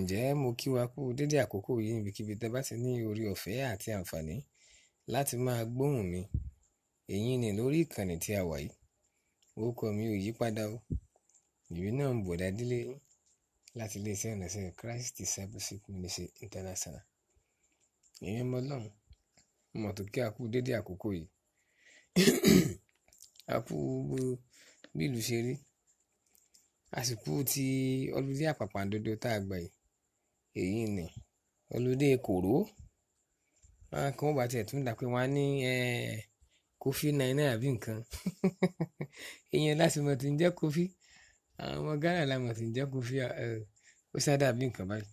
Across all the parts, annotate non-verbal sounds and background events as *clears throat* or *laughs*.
ǹjẹ́ mo kí wa kú dédé àkókò yìí níbikíbi tẹ́ bá ti ní orí ọ̀fẹ́ àti àǹfààní láti máa gbóhùn mi èyí ni lórí ìkànnì tí a wà yìí orúkọ mi ò yí padà o ìwé náà ń bọ̀dá délé láti iléeṣẹ́ ìrìnàṣẹ́ Christ Discipleship Ministry International ìyẹn mọ lọ́hùn mo tó kí a kú dédé àkókò yìí a kú bí ìlú ṣe rí àsìkò tí ọlùdí àpàpàǹdodo tá a gbà yìí èyí ni ọlọ́dẹ kòró ah kan wọ́n bá tiẹ̀ tún dà pé wọ́n á ní kofi náírà àbí nǹkan èèyàn *laughs* láti mọ̀ tí ń jẹ́ kofi àwọn ọmọ Ghana la mọ̀ tí ń jẹ́ kofi ó sádà àbí nǹkan báyìí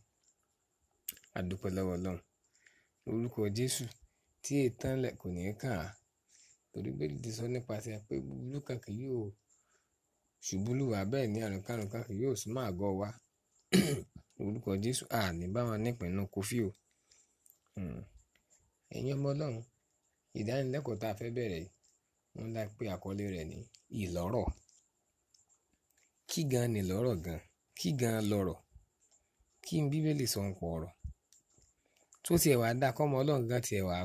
àdúpẹ́ lọ́wọ́ Ọlọ́run orúkọ Jésù tí ètàn lẹ̀ kò ní kàn á torí bẹ́ẹ̀ ti sọ nípasẹ̀ pé búburú kankan yóò ṣubú lùwà bẹ́ẹ̀ ni àrùn kárùn kankan yóò súnmọ́ àgọ́ wa *clears throat* orúkọ Jésù à ní bá wọn nípinnu kofi o hmm. ẹ̀yin ọmọ Ọlọ́run ìdánilẹ́kọ̀ọ́ tá a fẹ́ bẹ̀rẹ̀ wọn dá pé àkọlé rẹ̀ ní ìlọ́rọ̀ kí gan ni lọ́rọ̀ gan kí gan lọ́rọ̀ kí n bíbélì sọ ń pọ̀ ọ̀rọ̀ tó tiẹ̀ wá dá kọ́mọ Ọlọ́run gan tiẹ̀ wá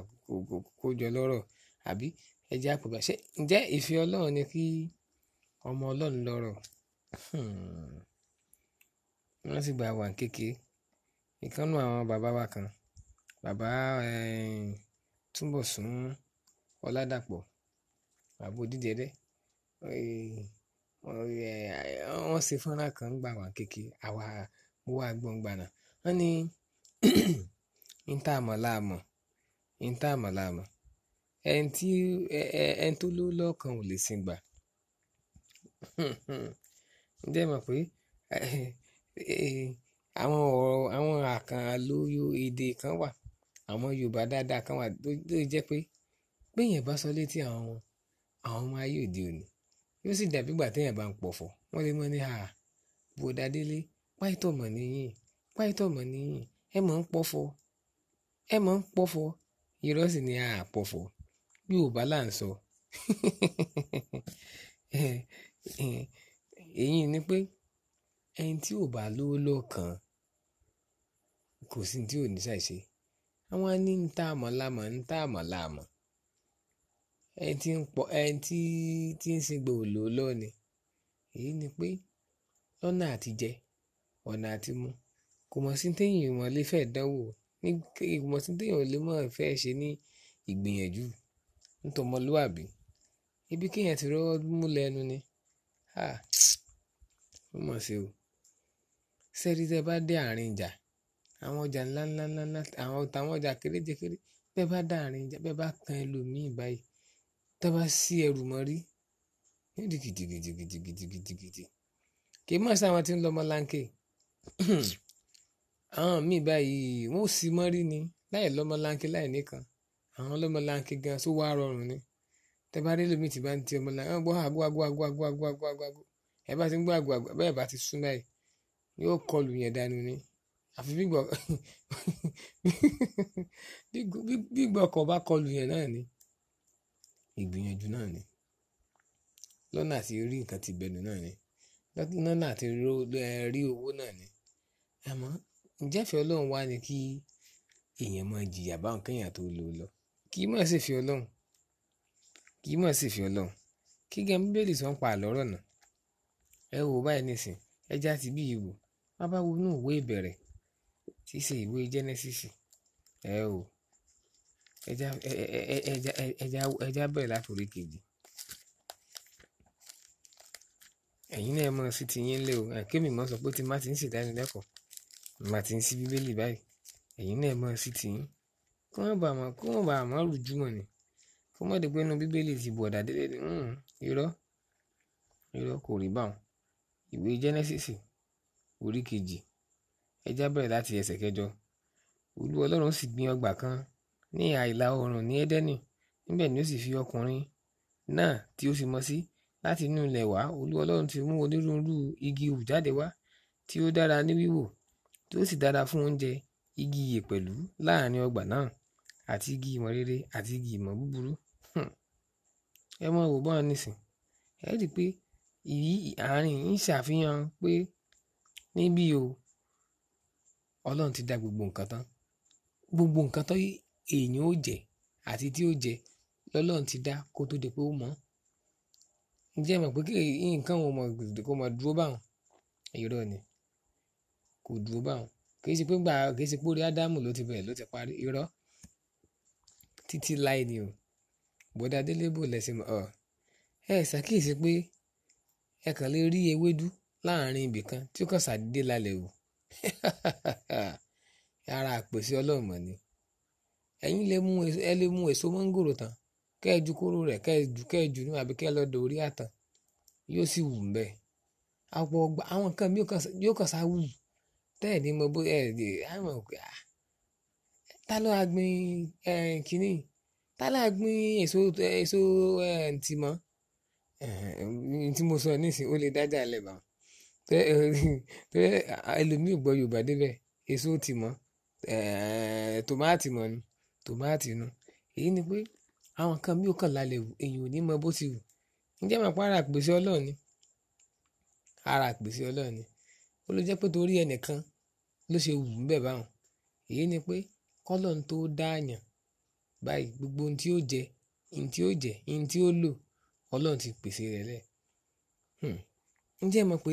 kójọ lọ́rọ̀ àbí ẹjẹ́ àpòbá ṣe ǹjẹ́ ìfẹ́ Ọlọ́run ni kí ọmọ Ọlọ́run lọ́rọ̀ hmm. Mo rántí ìgbà wa ní kékeré. Ìkan nínú àwọn bàbá wa kan, bàbá eh, Túnbọ̀sún Ọládàpọ̀, bàbá odídẹrẹ́. Eh, eh, wọ́n ṣe fọ́nrán kan nígbà wa ní kékeré, àwa mo wá gbọ́ nígbà náà. Wọ́n *clears throat* "N tá mọ̀ la mọ̀, n tá mọ̀ la mọ̀. Ẹni tí, ẹni tó lówó lọ́wọ́ ò lè sìngbà." *laughs* Ǹjẹ́ mọ̀ pé *laughs* Eh, àwọn ọ̀rọ̀ àwọn àkànlò èdè kan wà àwọn Yorùbá dáadáa kan wà tó jẹ́ pé béèyàn bá sọ létí àwọn ọmọ àwọn ọmọ ayé òde òní yóò sì dàbí ìgbà téèyàn bá ń pọ̀fọ̀ wọ́n lè mọ̀ ní à bòdà délé páìtọ̀ mọ̀ níyìn páìtọ̀ mọ̀ níyìn ẹ mọ̀ ń pọ̀fọ̀ ẹ mọ̀ ń pọ̀fọ̀ irọ́ sì ni à pọ̀fọ̀ Yorùbá là ń sọ *laughs* eh, eh, èyí ni pé ẹni tí ò bá lówó lọ́kàn kò sí tí ò ní ṣàìṣe àwọn ní ń tá àmọ́ lámọ̀ ń tá àmọ́ láàmọ́ ẹni tí ń pọ̀ ẹni tí tí ń sin gbòò lò lọ́ni èyí ni pé lọ́nà àtijẹ ọ̀nà àtimú kò mọ̀ sí téèyàn ìmọ̀ fẹ́ dánwò ní kò mọ̀ sí téèyàn lè mọ̀ fẹ́ ṣe ní ìgbìyànjú ntọ́mọlúwàbí ibi kéèyàn ti rọ́wọ́ mú lẹ́nu ni mo mọ̀ sí sẹ́rí tẹ́ bá dé àárín ìjà àwọn ọjà ńlá ńlá ńlá ńlá àwọn tàwọn ọjà kéréje kéré bẹ́ẹ̀ bá dá àárín ìjà bẹ́ẹ̀ bá kan ẹlòmíì báyìí tẹ́ bá sí ẹrù mọ́rí yóò di gidigidigidigidigidi kì í mọ̀ sí àwọn tí ń lọ ọmọlanke àwọn míì báyìí wọn ò sí mọ́rí ni láì lọ́mọlanke láì nìkan àwọn ọlọ́mọlanke gan tó wá rọrùn ni tẹ́ bá rí lómi tí bá ń ti ọmọlanke gbọ́ àgbo àgbo àgbo àgbo àgbo àgbo àgbo ẹ bá ti ń gbọ́ bẹ́ẹ̀ bá ti sún báyìí yóò kọlù yẹn dànù ni àfi bígbọ *laughs* bígbọ ọkọ bá kọlù yẹn náà ni ìgbìyànjú náà ni lọ́nà àti rí nǹkan ti bẹ̀nu náà ni lọ́nà àti rí owó náà ni àmọ́ ìjẹ́fẹ́ ọlọ́run wá ni kí èèyàn máa jìyà báwọn kéèyàn tó lò lọ kì í mọ̀ sí fi ọlọ́run kì í mọ̀ sí fi ọlọ́run kí gẹ́gẹ́ bíbélì sọ ń pa àlọ́rọ̀ náà ẹ wò báyìí nísìn ẹ já ti bí ìwò Bá bá wo inú ìwé ìbẹ̀rẹ̀ tí í ṣe ìwé Genesis, ẹ o. Ẹja, ẹja, ẹja, ẹja bẹ̀rẹ̀ láti orí kejì. Ẹ̀yin náà mọ̀ sí ti yín lé o. Ẹ̀kẹ́ mi mọ̀ sọ pé tí má ti ń ṣe ìdánilẹ́kọ̀ọ́, màá ti ń ṣí bíbélì báyìí. Ẹ̀yin náà mọ̀ sí ti yín. Kí wọ́n bá mọ̀, kí wọ́n bá mọ̀ rújúmọ̀ ni. Kó má di pé inú bíbélì ti bọ̀dà délé ni. Hmm, irọ́. Irọ́ kò rí bá wọn. Ìwé Genesis orí kejì ẹ já bẹ̀rẹ̀ láti ẹsẹ̀ kẹjọ olú ọlọ́run sì gbin ọgbà kan ní ìhà oòrùn ní Édẹ́nì níbẹ̀ ni ó sì fi ọkùnrin náà tí ó fi mọ sí láti inú ilẹ̀ wá olú ọlọ́run ti mú onírúurú igi hù jáde wá tí ó dára ní wíwò tí ó sì dára fún oúnjẹ igi iyè pẹ̀lú láàrin ọgbà náà àti igi ìmọ̀ rere àti igi ìmọ̀ búburú hmm. ẹ mọ wò bọ́n nísìn ẹ rí i pé ìyí àárín ń ṣàfihàn pé níbí o ọlọ́run ti dá gbogbo nǹkan tán gbogbo nǹkan tán èèyàn ó jẹ àti tí ó jẹ lọ́lọ́run ti dá kó tó di pé ó mọ̀ ǹjẹ́ mọ̀ pé kí nǹkan wọn mọ̀ kó mọ̀ dúró báwọn irọ́ ni kò dúró báwọn kìí ṣe pé gbà kìí ṣe pé orí ádámù ló ti bẹ̀rẹ̀ ló ti parí irọ́ títí láì ni o bọ́dá délébò lẹ́sìn ọ̀ ẹ ṣàkíyèsí pé ẹ kàn lè rí ewédú láàrin ibìkan tí ó kàn ṣàdédé lálẹ́ wò *laughs* ara àpèsè ọlọ́mọ ni ẹ̀yin lè mú ẹ lè mú èso mọ́ngòrò tán kẹ́ ẹ ju kóró rẹ̀ kẹ́ ẹ ju kẹ́ ẹ ju ní àbí kẹ́ ẹ lọ́ọ́ dorí àtàn yóò sì wù mbẹ́ àpò ọgbà àwọn nǹkan mi yóò kàn sá wù tẹ́ẹ̀ ní mo bó ẹ ẹ àmọ̀ ah, ta ló agbin ẹ kínní ta ló agbin èso èso ẹ ntìmọ́ ẹ ntí sọ nísìnyí ó lè dájà lẹ́bàá tẹ *laughs* tẹ ẹlòmíì gbọ́ Yorùbá débẹ̀ èso ti mọ̀ tòmáàtì mọ̀ ni tòmáàtì nu èyí ni pé àwọn kan mí ò kàn lálẹ́ wù èyàn ò ní mọ bó ti wù ǹjẹ́ màá pa ara àpèsè Ọlọ́run ni ara àpèsè Ọlọ́run ni ó ló jẹ́ pé torí ẹnìkan ló ṣe wù ú bẹ̀ báwọn èyí ni pé kọ́lọ́n tó dáàyàn báyìí gbogbo ohun tí ó jẹ ohun tí ó jẹ ohun tí ó lò Ọlọ́run ti pèsè rẹ̀ lẹ̀ hmm. ǹjẹ́ mọ̀ pé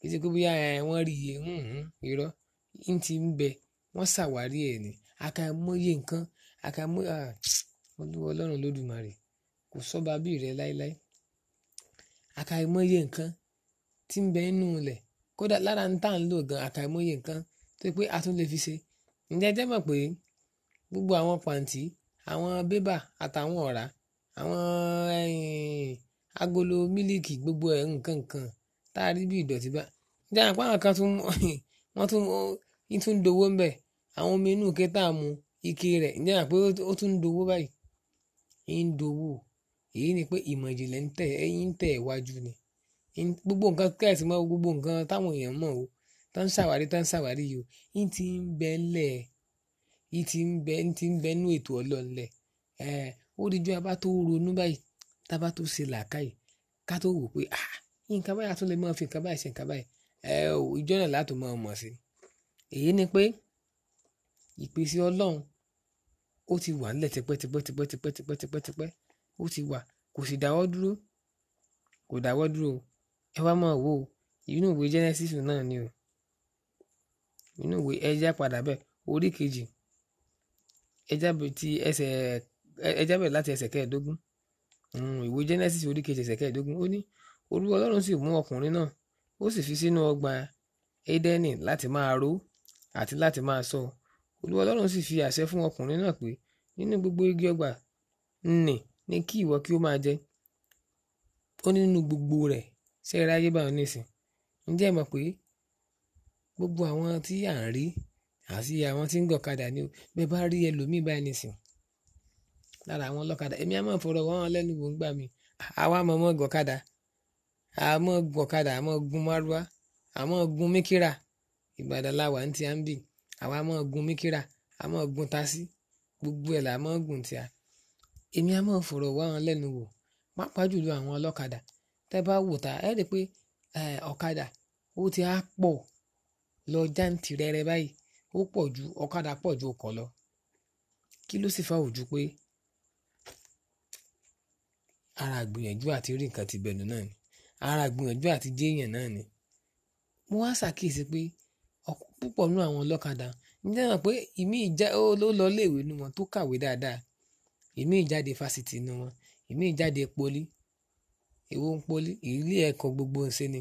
kì í ṣe pé bóyá wọ́n rí iye irọ́ ń ti ń bẹ wọ́n ṣàwárí ẹ̀ ni àkàìmọye nǹkan àkàìmọye olúwa ọlọ́run lódùmarè kò sọ́ba bí rẹ láéláé àkàìmọye nǹkan tí ń bẹ nínú ilẹ̀ kódà lára ń tà ń lò gan àkàìmọye nǹkan tó pé a tún lè fi ṣe ǹjẹ́ jẹ́ mọ̀ pé gbogbo àwọn pàǹtí àwọn bébà àtàwọn ọ̀rá àwọn agolo mílíkì gbogbo ẹ̀ nǹkan nǹkan tá a rí bí ìdọ̀tí bá dáhùn pé àwọn kan tún *laughs* wọ́n tún ń tún dowó ń bẹ̀ àwọn omi inú ike tá a mu ike rẹ̀ ǹjẹ́ àpé ó tún ń dowó báyìí ń dowó èyí ni pé ìmọ̀ ìjìnlẹ̀ ń tẹ̀ ẹ̀yìn ń tẹ̀ wájú ni gbogbo nǹkan kẹ́ẹ̀sì mọ́ gbogbo nǹkan táwọn èèyàn mọ̀ o tán ń ṣàwárí tán ń ṣàwárí yìí o ń ti ń bẹ lẹ̀ ń ti ń bẹ ń ti ètò ọlọ́ọ̀lẹ̀ ẹ̀ ó rí ju abá tó ronú báyìí tábà tó ṣe làákàyè ká tó wò pé ah nǹkan báyìí a tún lè máa fi nǹkan báyìí ṣe nǹkan báyìí ẹ ò ìjọ náà látò máa mọ̀ sí èyí ni pé ìpèsè ọlọ́run ó ti wà nílẹ̀ tipẹ́tipẹ́tipẹ́tipẹ́tipẹ́tipẹ́ ó ti wà kò sì dáwọ́ dúró kò dáwọ́ dúró ẹ wá máa wò ó inú ìwé Genesis náà ni o inú ìwé ẹja padà bẹ́ẹ̀ orí kejì ẹja bẹ́ẹ̀ láti ẹsẹ̀ kẹẹ̀ẹ́dógún hmm, ìwé Genesis orí kejì ẹsẹ̀ kẹẹ̀ẹ́dógún ó ní olúwa ọlọ́run sì mú ọkùnrin náà ó sì fi sínú ọgbà édẹ́nì láti máa ró àti láti máa sọ olúwa ọlọ́run sì fi àṣẹ fún ọkùnrin náà pé nínú gbogbo igi ọgbà nì ni kí ìwọ kí ó máa jẹ ó ní nínú gbogbo rẹ̀ ṣe é ráyé báyọ̀ nísìn ǹjẹ́ ẹ mọ̀ pé gbogbo àwọn tí à ń rí àti àwọn tí ń gọ̀kadà ni o bẹ́ẹ̀ bá rí ẹlòmíì báyìí nísìn lára àwọn ọlọ́kadà èmi á máa fọ̀rọ̀ wọ́n lẹ́nu wò ń gbà mí àwa mọ̀ mọ́ gọ̀kadà a mọ̀ gun ọ̀kadà a mọ̀ gun márúwá a mọ̀ gun míkírà ìbàdàn làwà ní ti à ń bì àwa a mọ̀ gun míkírà a mọ̀ gun tasí gbogbo ẹ̀ là mọ̀ gùn tíà èmi a mọ̀ fọ̀rọ̀ wá wọn lẹ́nu wò pàápàá jùlọ àwọn ọlọ́kadà tẹ́ bá wò ta ẹ rí i pé ọ̀kadà ó ti á pọ̀ lọ jáǹtì rẹ́rẹ́ báyìí ó pọ̀ ju ọ̀kadà pọ̀ ju ọkọ̀ lọ kí ló sì fa òjú pé ara gbìyànjú àti rí nǹkan ti bẹ̀nu náà ni ara gbìyànjú àti jéèyàn náà ni. mo wá ṣàkíyèsí pé púpọ̀ nínú àwọn ọlọ́kadà ǹjẹ́ mọ̀ pé ìmí ìjà ó lọ léèwé nu wọn tó kàwé dáadáa ìmí ìjáde fásitì nu wọn ìmí ìjáde poli èwo ń poli ilé ẹ̀kọ́ gbogbo ń ṣe ni.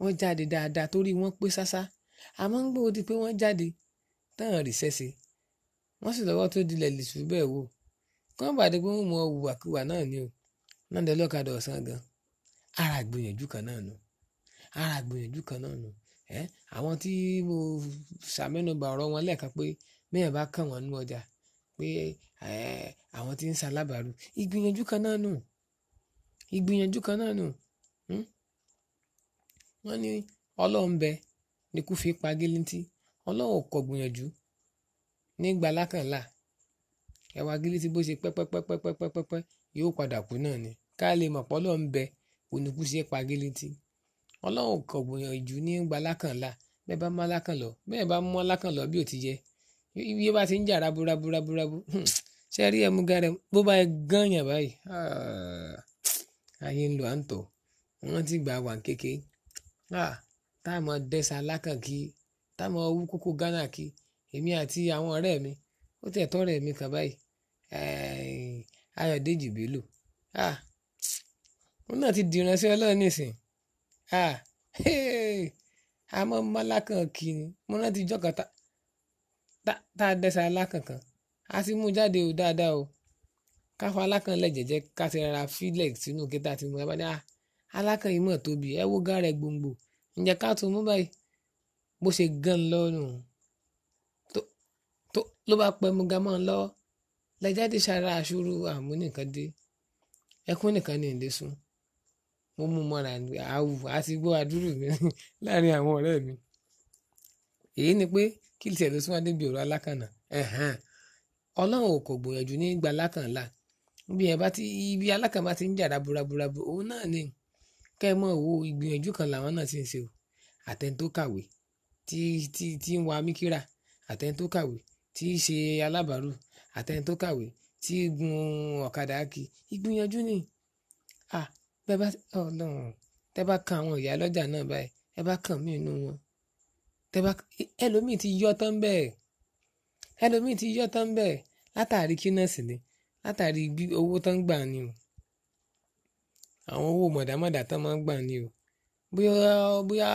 wọ́n jáde dáadáa torí wọ́n pé sásá àmọ́ ń gbòó di pé wọ́n jáde tán rìṣẹ́ ṣe wọ́n sì lọ́wọ́ tó dilẹ̀ lè sùn bẹ́ẹ̀ wò kí wọ́n bàdé pé wọ́n mọ òwúwàkiwà náà ni o náà dé lọ́kadà ọ̀sán gan-an ara ìgbìyànjú kan náà nu ara ìgbìyànjú kan náà nu ẹ àwọn tí mo ṣàmẹ́nubà ọ̀rọ̀ wọn lẹ́ẹ̀kan pé mẹ́ẹ̀ bá kàn wọ́n nú ọjà pé àwọn tí ń ṣalábàárù ìgbìyànjú kan náà nù ìgbìyànjú kan náà nù hmm? wọ́n ní ọlọ́run bẹ ni kú fi pa gílítì ọlọ́run ò kọ̀ gbìyànjú ní gbalákànlá ẹwà gílítì bó ṣe pẹ́pẹ́pẹ́pẹ́pẹ́pẹ́ yóò padà kú náà ni ká lè mọ̀ pé ọlọ́run oníkú ṣe é pagé létí ọlọ́run kò gbìyànjú ní gbalákànlá bẹ́ẹ̀ bá mú alákànlọ́ bẹ́ẹ̀ bá mú alákànlọ́ bí ò ti yẹ iye bá ti ń jà rabúrabúrabúrabú hmm. ṣe rí ẹmu gárẹ bó bá gányàn báyìí ah, ayé ń lò à ń tọ̀ wọ́n ti gbà wà kéke ah, táàmù dẹ́sẹ̀ alákàn kí táàmù owó kókó gánà kí èmi àti àwọn ọ̀rẹ́ mi ó tẹ̀ tọ́rẹ̀ mi kàn báyìí ayọ̀dèjì bélò òun náà ti di ìránṣẹ́ Ọlọ́run nísìn àmọ́ mọ́lákàn kì í mo rántí ìjọ kan tá a dẹ́sẹ̀ alákànkàn a sì mú jáde o dáadáa o káfọ́ alákàn lẹ̀ jẹ́jẹ́ ká ti rárá fílẹ̀ sínú kíta tí mo bá dé alákàn yìí mọ̀ tóbi ẹ wo gàrẹ́ gbòǹgbò ǹjẹ́ ká tún mú báyìí bó ṣe gan lọ́rùn tó ló bá pẹ́ mu gamọ́ ń lọ́wọ́ lẹ́jáde ṣara àṣúrù àmúnìkan dé ẹkún nìkan ní ìlé sùn mo mú mọ́ra àwù àti gbọ́ àdúrù mi *laughs* láàrin àwọn ọ̀rẹ́ mi. èyí ni pé kí tiẹ̀ ló súnmọ́ débi ọ̀rọ̀ alákànnà ọlọ́run kò gbìyànjú ní gba alákànlá bí ẹ bá ti ibi alákàn bá ti ń jàdá buraburabu òun náà ni kẹ́ ẹ mọ̀ wo ìgbìyànjú kan làwọn náà ti ń ṣe o àtẹni tó kàwé tí tí tí ń wa míkírà àtẹni kàwé tí í ṣe alábàárù àtẹni kàwé tí gun ọ̀kadà kí ìgbìyànjú ni ah bẹ bá Ọlọ́run tẹ bá kan àwọn ìyá lọ́jà náà báyìí ẹ bá kàn mí inú wọn tẹ bá ẹlòmíì ti yọ tán bẹ́ẹ̀ ẹlòmíì ti yọ tán bẹ́ẹ̀ látàrí kínẹsì ni látàrí owó tán gbà ni o àwọn owó mọ̀dámọ̀dá tán máa ń gbà ni o bóyá bóyá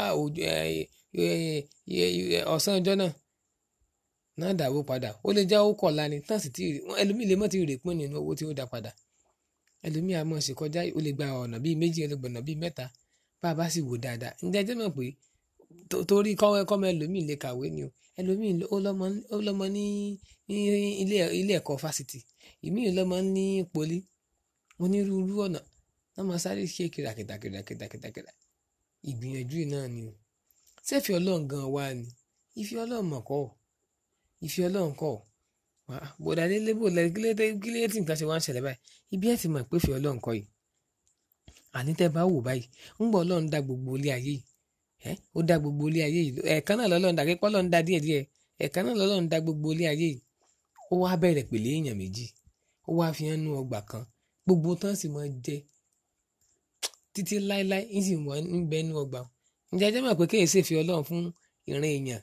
ọ̀sán ọjọ́ náà náà dàwó padà ó lè jẹ́ owó kọ̀ọ̀la ni tán sì ti ẹlòmíì lè mọ̀ ti rè pín nínú owó tí ó dá padà ẹlòmíì àmọ́ sì kọjá o lè gba ọ̀nà bíi méjì o lè gbọ̀nà bíi mẹ́ta bá a bá sì wò dáadáa ǹjẹ́ ẹ jẹ́ mọ̀ pé torí kọ́mọ ẹlòmíì lè kàwé ni o ẹlòmíì ó lọ́mọ ní ilé ẹ̀kọ́ fásitì ìmíì lọ́mọ ní poli onírúurú ọ̀nà wọ́n máa sáré ṣe kìràkìtàkìràkìtàkìtà ìgbìyànjú náà ni o ṣé ìfẹ́ Ọlọ́run gan wa ni ìfẹ́ Ọlọ́run mọ̀ kọ́ ìfẹ́ Ọlọ́run kọ́ ọ̀ bọ̀dà délé bò kílẹ̀tì nǹkan ṣe wá ń ṣẹlẹ̀ báyìí ibi ẹ̀ ti mọ̀ pé fi ọlọ́run kọ́ yìí àní tẹ́ bá wò báyìí ń bọ̀ ọlọ́run dá gbogbo ilé ayé yìí ẹ́ ó dá gbogbo ilé ayé yìí ẹ̀ẹ̀kan náà lọ́lọ́run dá kíkọ́ lọ́run dá díẹ̀díẹ̀ ẹ̀ẹ̀kan náà lọ́lọ́run dá gbogbo ilé ayé yìí ó wá bẹ̀rẹ̀ pẹ̀lẹ́ èèyàn méjì ó wá fi hàn nú ọgbà kan gbogbo tán sì máa jẹ títí láéláé ń sì wọ́n ń bẹ nú ọgbà ǹjẹ́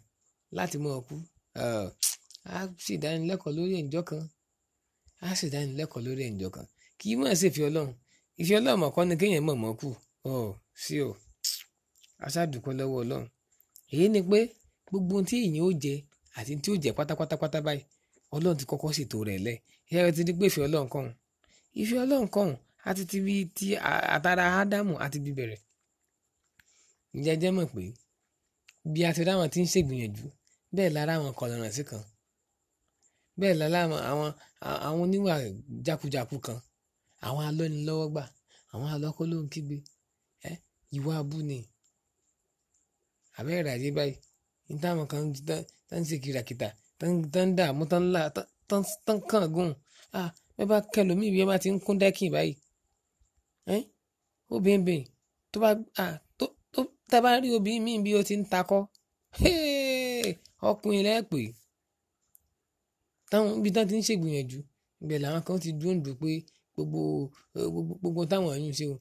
á sì dánilẹ́kọ̀ọ́ lórí ẹ̀ǹjọ́ kan á sì dánilẹ́kọ̀ọ́ lórí ẹ̀ǹjọ́ kan kì í máa ṣèfẹ́ ọlọ́run ìfẹ́ ọlọ́run mọ̀kọ́ ni kéèyàn mọ̀ mọ́ kù ọ sí o aṣáàdùkọ́ lọ́wọ́ ọlọ́run èyí ni pé gbogbo ohun tí èèyàn ó jẹ àti tí ó jẹ pátápátápátá báyìí ọlọ́run ti kọ́kọ́ ṣètò rẹ̀ lẹ̀ ìyá rẹ ti ní pé ìfẹ́ ọlọ́run kọ́hún ìfẹ́ ọlọ́run kọ́hún àti ti bi ti àtàrà ádámù àti bi bẹ̀rẹ̀ ìjẹ́jẹ́ mọ̀ pé bí a ráwọn tí ń ṣègbìyànjú bẹ́ẹ̀ lára àwọn kọlọ̀ràn sí kan bẹ́ẹ̀ lálámọ àwọn àwọn oníwà jákujàku kan àwọn alọ́nilọ́wọ́gbà àwọn alọ́kọ́lóhùnkígbe ẹ ìwà abú ni àbẹ́rẹ́ àyè báyìí ní táwọn kan tán ń ṣe kìràkìtà tán ń dààmú tán ń là tán kàn gùn ah bẹ́ẹ̀ bá kẹlòmíì bí wọ́n bá ti ń kún dẹ́kì báyìí ẹ obìnrin bìnrin tó bá à tó tó tá a bá rí obìnrin míì bí ó ti ń takọ́ *laughs* ọkùnrin lẹ́ẹ̀pẹ́ táwọn ibi tán ti ń ṣègbìyànjú ibẹ̀ làwọn kan ti dúró dùn pé gbogbo eh, gbogbo táwọn ẹ̀yìn ṣe o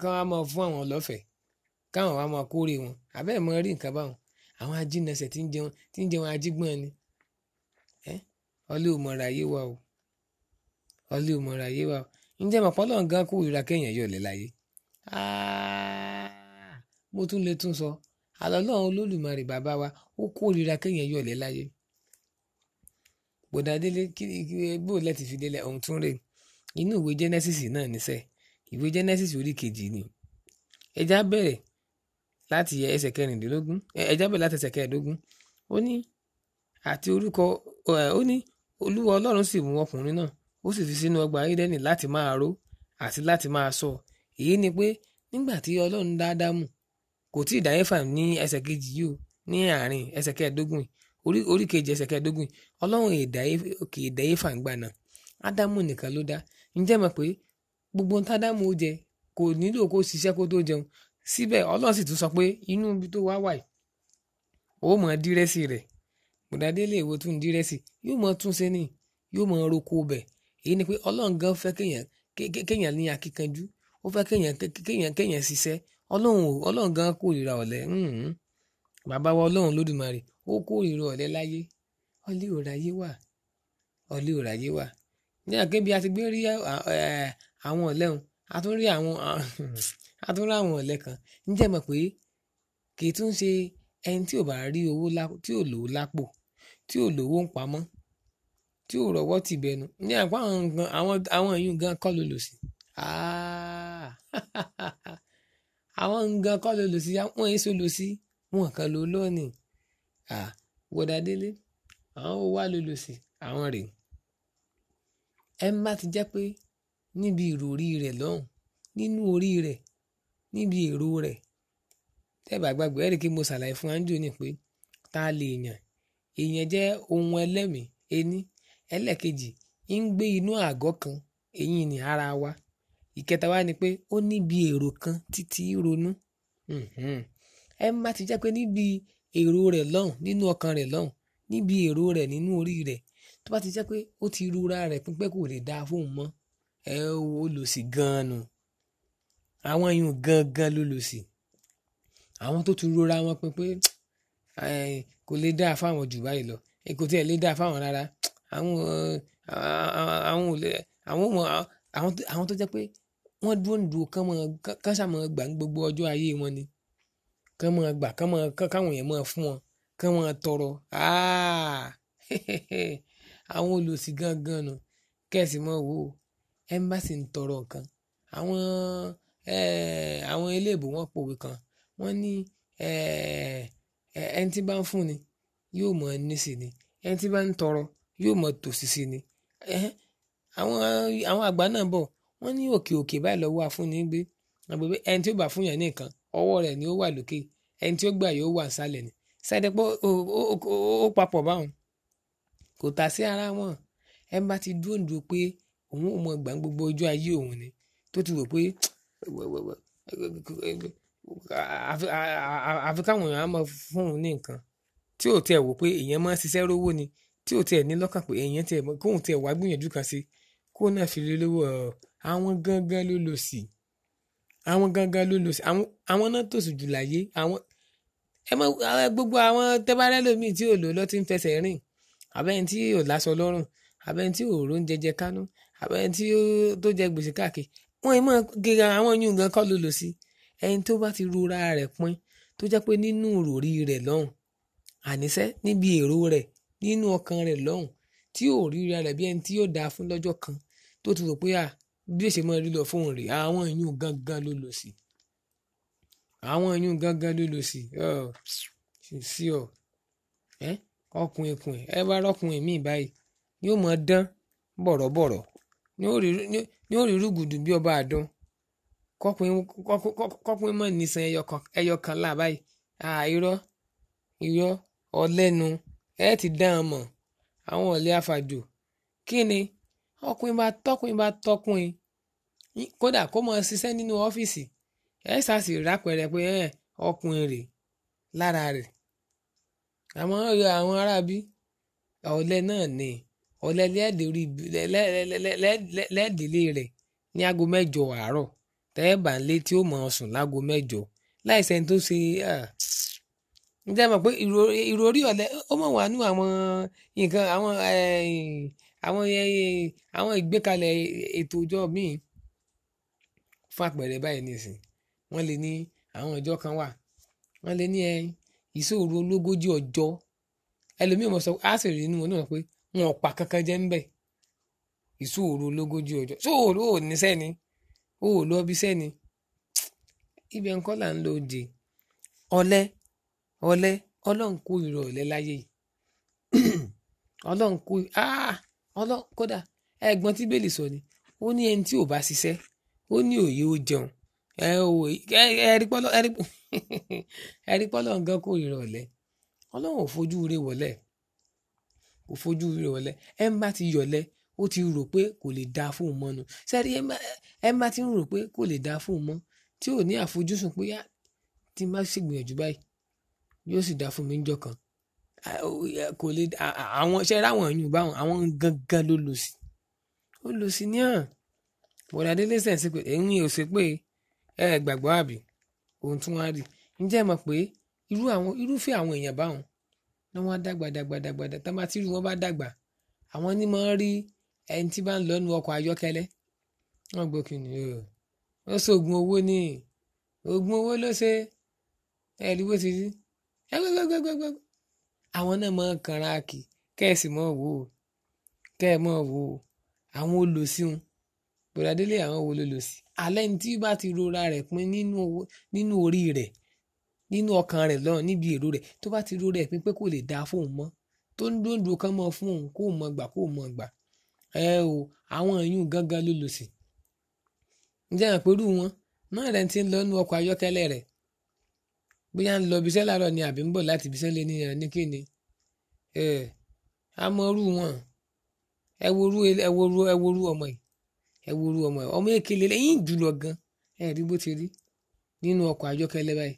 ká wá máa fún àwọn lọ́fẹ̀ẹ́ káwọn wá máa kórè wọn àbẹ́ẹ̀ mọ rí nǹkan báwọn àwọn ajínasẹ̀ tí ń jẹun tí ń jẹun ajígbọ́n ni ọlẹ́ ò mọ̀ra ayé wa o ọlẹ́ ò mọ̀ra ayé wa o ǹjẹ́ mọ̀ pọ́lọ́ nǹkan kó ìra kéèyàn yọ̀lẹ̀ láyé mo tún lè tún sọ àlọ́ lọ́run olólùmarè bàbá wa ó kórìíra kéèyàn yọ̀lẹ̀ láyé bọ̀dà délé bó lẹ́tì fi délẹ̀ ọ̀hún tún rè inú ìwé Genesis náà níṣẹ́ ìwé Genesis orí kejì ni ẹja bẹ̀rẹ̀ láti ẹsẹ̀ kẹrìndínlógún ẹja bẹ̀rẹ̀ láti ẹsẹ̀ kẹrìndínlógún ó ní àti orúkọ ó ní olúwa ọlọ́run sì mú ọkùnrin náà ó sì fi sínú ọgbà Édẹ́nì láti máa ró àti láti máa ṣọ́ èyí ni pé nígbà tí ọlọ́run dá Ádámù kò tí ì dá Éfà ní ẹsẹ̀ kejì yìí o ní àárín ẹsẹ̀ kẹẹ̀ẹ́dógún orí orí kejì ẹsẹ̀ kẹẹ̀ẹ́dógún ọlọ́run e, kì í dẹ́yé e fàǹgbà náà ádámù nìkan ló dá ǹjẹ́ mọ̀ pé gbogbo ohun tádámù ó jẹ kò nílò kó ṣiṣẹ́ kó tó jẹun síbẹ̀ ọlọ́run sì tún sọ pé inú ibi tó wá wà yìí ó mọ dírẹ́sì rẹ̀ dírẹ́sì yóò mọ tún yóò mọ roko bẹ̀ èyí pé ọlọ́run fẹ́ kéèyàn ní akíkanjú ó kórìíra ọ̀lẹ láyé ọ̀lẹ ò ráyé wà ọ̀lẹ ò ráyé wà ní àkébí a ti gbé rí àwọn ọ̀lẹ hun a tún rí àwọn a tún rí àwọn ọ̀lẹ kan ǹjẹ́ mọ̀ pé kì í tún ṣe ẹni tí ò bá rí owó tí ò lówó lápò tí ò lówó ń pamọ́ tí ò rọ́wọ́ tì bẹnu ní àpá àwọn àwọn èèyàn gan kọ́ ló lò sí *laughs* àwọn gan kọ́ ló lò sí wọn èso lò sí wọn kàn ló lónìí à bọ̀dà délé àwọn owó alólùsì àwọn rèé ẹ má ti jẹ́ pé níbi ìròrí rẹ̀ lọ́hùn nínú orí rẹ̀ níbi èrò rẹ̀ tẹ́ẹ̀bà gbàgbé ẹ̀rí kí mo ṣàlàyé fún anjo ni pé ta lè yàn èèyàn jẹ́ ohun ẹlẹ́mìí ení ẹlẹ́ẹ̀kejì ń gbé inú àgọ́ kan èyí ni ara wa ìkẹta wa ni pé ó níbi èrò kan títí ronú ẹ má ti jẹ́ pé níbi èrò rẹ̀ lọ́hùn nínú ọkàn rẹ̀ lọ́hùn níbi èrò rẹ̀ nínú orí rẹ̀ tó bá ti jẹ́ pé ó ti rúra rẹ̀ pípẹ́ kò lè dáa fóun mọ́ ẹ wo lòsì gan-an nù àwọn yìnyín gangan ló lòsì àwọn tó ti rúra wọn pin pé kò lè dáa fáwọn jù báyìí lọ kò tiẹ̀ lè dáa fáwọn rárá àwọn àwọn ò lè àwọn àwọn tó jẹ́ pé wọ́n dúró nìdúró kán ṣàmọ́ gbà ń gbogbo ọjọ́ ayé wọn ni kán mọ́ gbà kán mọ́ káwọn èèyàn mọ́ fún wọn kán mọ́ tọrọ *laughs* àwọn olùsí gangan nù kẹ́sì mọ́ wò ó ẹ́mbásì ń tọrọ nǹkan àwọn àwọn eléèbò wọn pòwe kan wọ́n ní ẹni tí bá ń fún ni yóò mọ̀ nísì ni ẹni tí bá ń tọrọ yóò mọ̀ tòsí sí ni àwọn àgbà náà bọ̀ wọ́n ní òkè òkè báyìí lọ́wọ́ afúnni gbé àgbègbè tí ó bá fún yàn ní ọwọ́ rẹ̀ ni ó wà lókè ẹni tí ó gbà yóò wà sálẹ̀ ni ṣàdẹ́pọ̀ ó papọ̀ báwọn kò tà sí ara wọn ẹ bá ti dúró dúró pé òun ò mọ gbà gbogbo ọjọ́ ayé òun ni tó ti rò pé àfi káwọn èèyàn á mọ fún òun ní nǹkan tí ò tiẹ̀ wò pé èèyàn máa ń ṣiṣẹ́ rówó ni tí ò tiẹ̀ ní lọ́kàn pé èèyàn tiẹ̀ kóun tiẹ̀ wá gbìyànjú kan sí kó náà fi lé lówó àwọn gangan ló lò sí i àwọn gangan ló lò sí àwọn àwọn náà tòṣì jù láyé àwọn ẹ mọ gbogbo àwọn tẹ́bárẹ́ lómi tí ò lò lọ ti ń fẹsẹ̀ rìn àbẹ́yìn tí ò láṣọ lọ́rùn àbẹ́yìn tí ò rò ń jẹjẹ kánú àbẹ́yìn tí tó jẹ gbèsè káàkiri wọ́n ìmọ̀ gíga àwọn yún gan kọ́ ló lò sí ẹni tó bá ti rora rẹ̀ pin tó jẹ́ pé nínú òròrí rẹ̀ lọ́hùn àníṣẹ́ níbi èrò rẹ̀ nínú ọkàn rẹ̀ lọ́hùn tí ò rẹ̀ bí ẹni tí yóò dáa fún lọ́jọ́ kan tó ti rò pé à bí èsì máa rí lọ fóun rè àwọn ìyún gangan ló lò sí àwọn ìyún gangan ló lò sí sí ọ ọkùnrin kùn ẹ bá rọkùnrin míì báyìí yóò máa dán bọ̀rọ̀bọ̀rọ̀ ní ó rí rúgùdù bí ọba àdán kọkùnrin mọ̀ nìsan ẹyọ kan là báyìí àìrọ́ irọ́ ọlẹ́nu ẹ ti dán an mọ̀ àwọn ọ̀lẹ́ àfàjò kí ni ọkùnrin bá tọkùnrin bá tọkùnrin kódà kó mọ ṣiṣẹ́ nínú ọ́fíìsì ẹ ṣàṣì rápẹrẹ pé ẹ ọkùnrin rè lára rẹ̀ àmọ́ àwọn aráabí ọ̀lẹ náà ni ọ̀lẹ lẹ́ẹ̀dẹ̀lé rẹ̀ ní aago mẹ́jọ àárọ̀ tẹ́ẹ̀bà ńlé tí ó mọ̀ ọ́ sùn láago mẹ́jọ láìsẹ̀ tó ṣe ǹjẹ́ mọ̀ pé ìròrí ọ̀lẹ ó mọ̀ wà nú àwọn nǹkan àwọn àwọn àwọn ìgbékalẹ̀ ètò ọjọ́ míì fún àpẹẹrẹ báyìí nìsín wọ́n lè ní àwọn ọjọ́ kan wà wọ́n lè ní ẹ ìṣòro ológójì ọjọ́ ẹlòmíì mọ̀ sọ á sì rí inú wọn náà pé wọn ò pa kankan jẹ́ ńbẹ̀ ìṣòro ológójì ọjọ́ ṣòro ò ní sẹ́ni ó ò lọ bí sẹ́ni ibẹ̀ ńkọ́ là ń lò dé ọ̀lẹ ọ̀lẹ ọlọ́run kó ìrọ̀ ọ̀lẹ láyé yìí *clears throat* ọlọ́run kó ah ọlọ kódà ẹ̀gbọ́n tí bẹ́ẹ̀lì sọ ni ó ní ẹni tí ò bá ṣiṣẹ́ ó ní òye ó jẹun ẹ òwe ẹrí pọlọ ẹrí ẹrí pọlọ nǹkan kò rí rọlẹ *laughs* Ọlọ́run ò fojú rẹ wọlẹ kò fojú rẹ wọlẹ ẹ má ti yọlẹ ó ti rò pé kò lè dáa fóun mọ nu sẹrí ẹ má ti rò pé kò lè dáa fóun mọ tí ò ní àfojúsùn pé tí má ṣègbìyànjú báyìí yóò sì dáa fún mi níjọ́ kan kò lè àwọn ṣe ráwọn èèyàn bá wọn àwọn gangan ló lò sí ó lò sí ní hàn bọ̀dà délé sẹ̀ sí pé ẹ̀yìn ò sí pé ẹ gbàgbọ́ àbí ohun tí wọ́n á rí ǹjẹ́ mọ̀ pé irú àwọn irúfẹ́ àwọn èèyàn báwọn ni wọ́n á dàgbà dàgbà dàgbà dàgbà tá tí irú wọn bá dàgbà àwọn ni máa ń rí ẹni tí bá ń lọ́nu ọkọ̀ ayọ́kẹ́lẹ́ wọ́n gbọ́ kí ni o wọ́n sọ oògùn owó ní oògùn owó ló ṣe ẹ̀rí bó ti rí ẹgbẹ́gbẹ́gbẹ́gbẹ́ àwọn náà máa ń kanra kì kẹ́ ẹ̀ sì máa wò ó kẹ́ ẹ̀ máa wò ó àwọn olùsíhun bọ̀dà délé àwọn wo ló lò sí alẹ́ ní tí bá ti rora rẹ̀ pin nínú orí rẹ̀ nínú ọkàn rẹ̀ lọ́rùn níbi èrò rẹ̀ tó bá ti rora ẹ̀ pin pé kò lè dáa fóun mọ́ tó ń dòdò kan mọ́ fún òun kó mọ́ gbà kó mọ́ gbà ẹ o àwọn èèyàn gangan ló lò sí àpérù wọn náà rẹ̀ ti ń lọ nínú ọkọ̀ ayọ́kẹ́lẹ́ rẹ̀ bóyá ń lọ ibiṣẹ́ láàárọ̀ ni àbí ń bọ̀ láti ibiṣẹ́ lé ní ẹnikẹ́ni ẹ amọ̀rú wọn ẹ woru ẹ woru ẹ woru ọmọ yìí ẹ woru ọmọ yìí ọmọ èkélé lẹ́yìn jùlọ gan ẹ rí bó ti rí nínú ọkọ̀ àjọkẹ́lẹ́ báyìí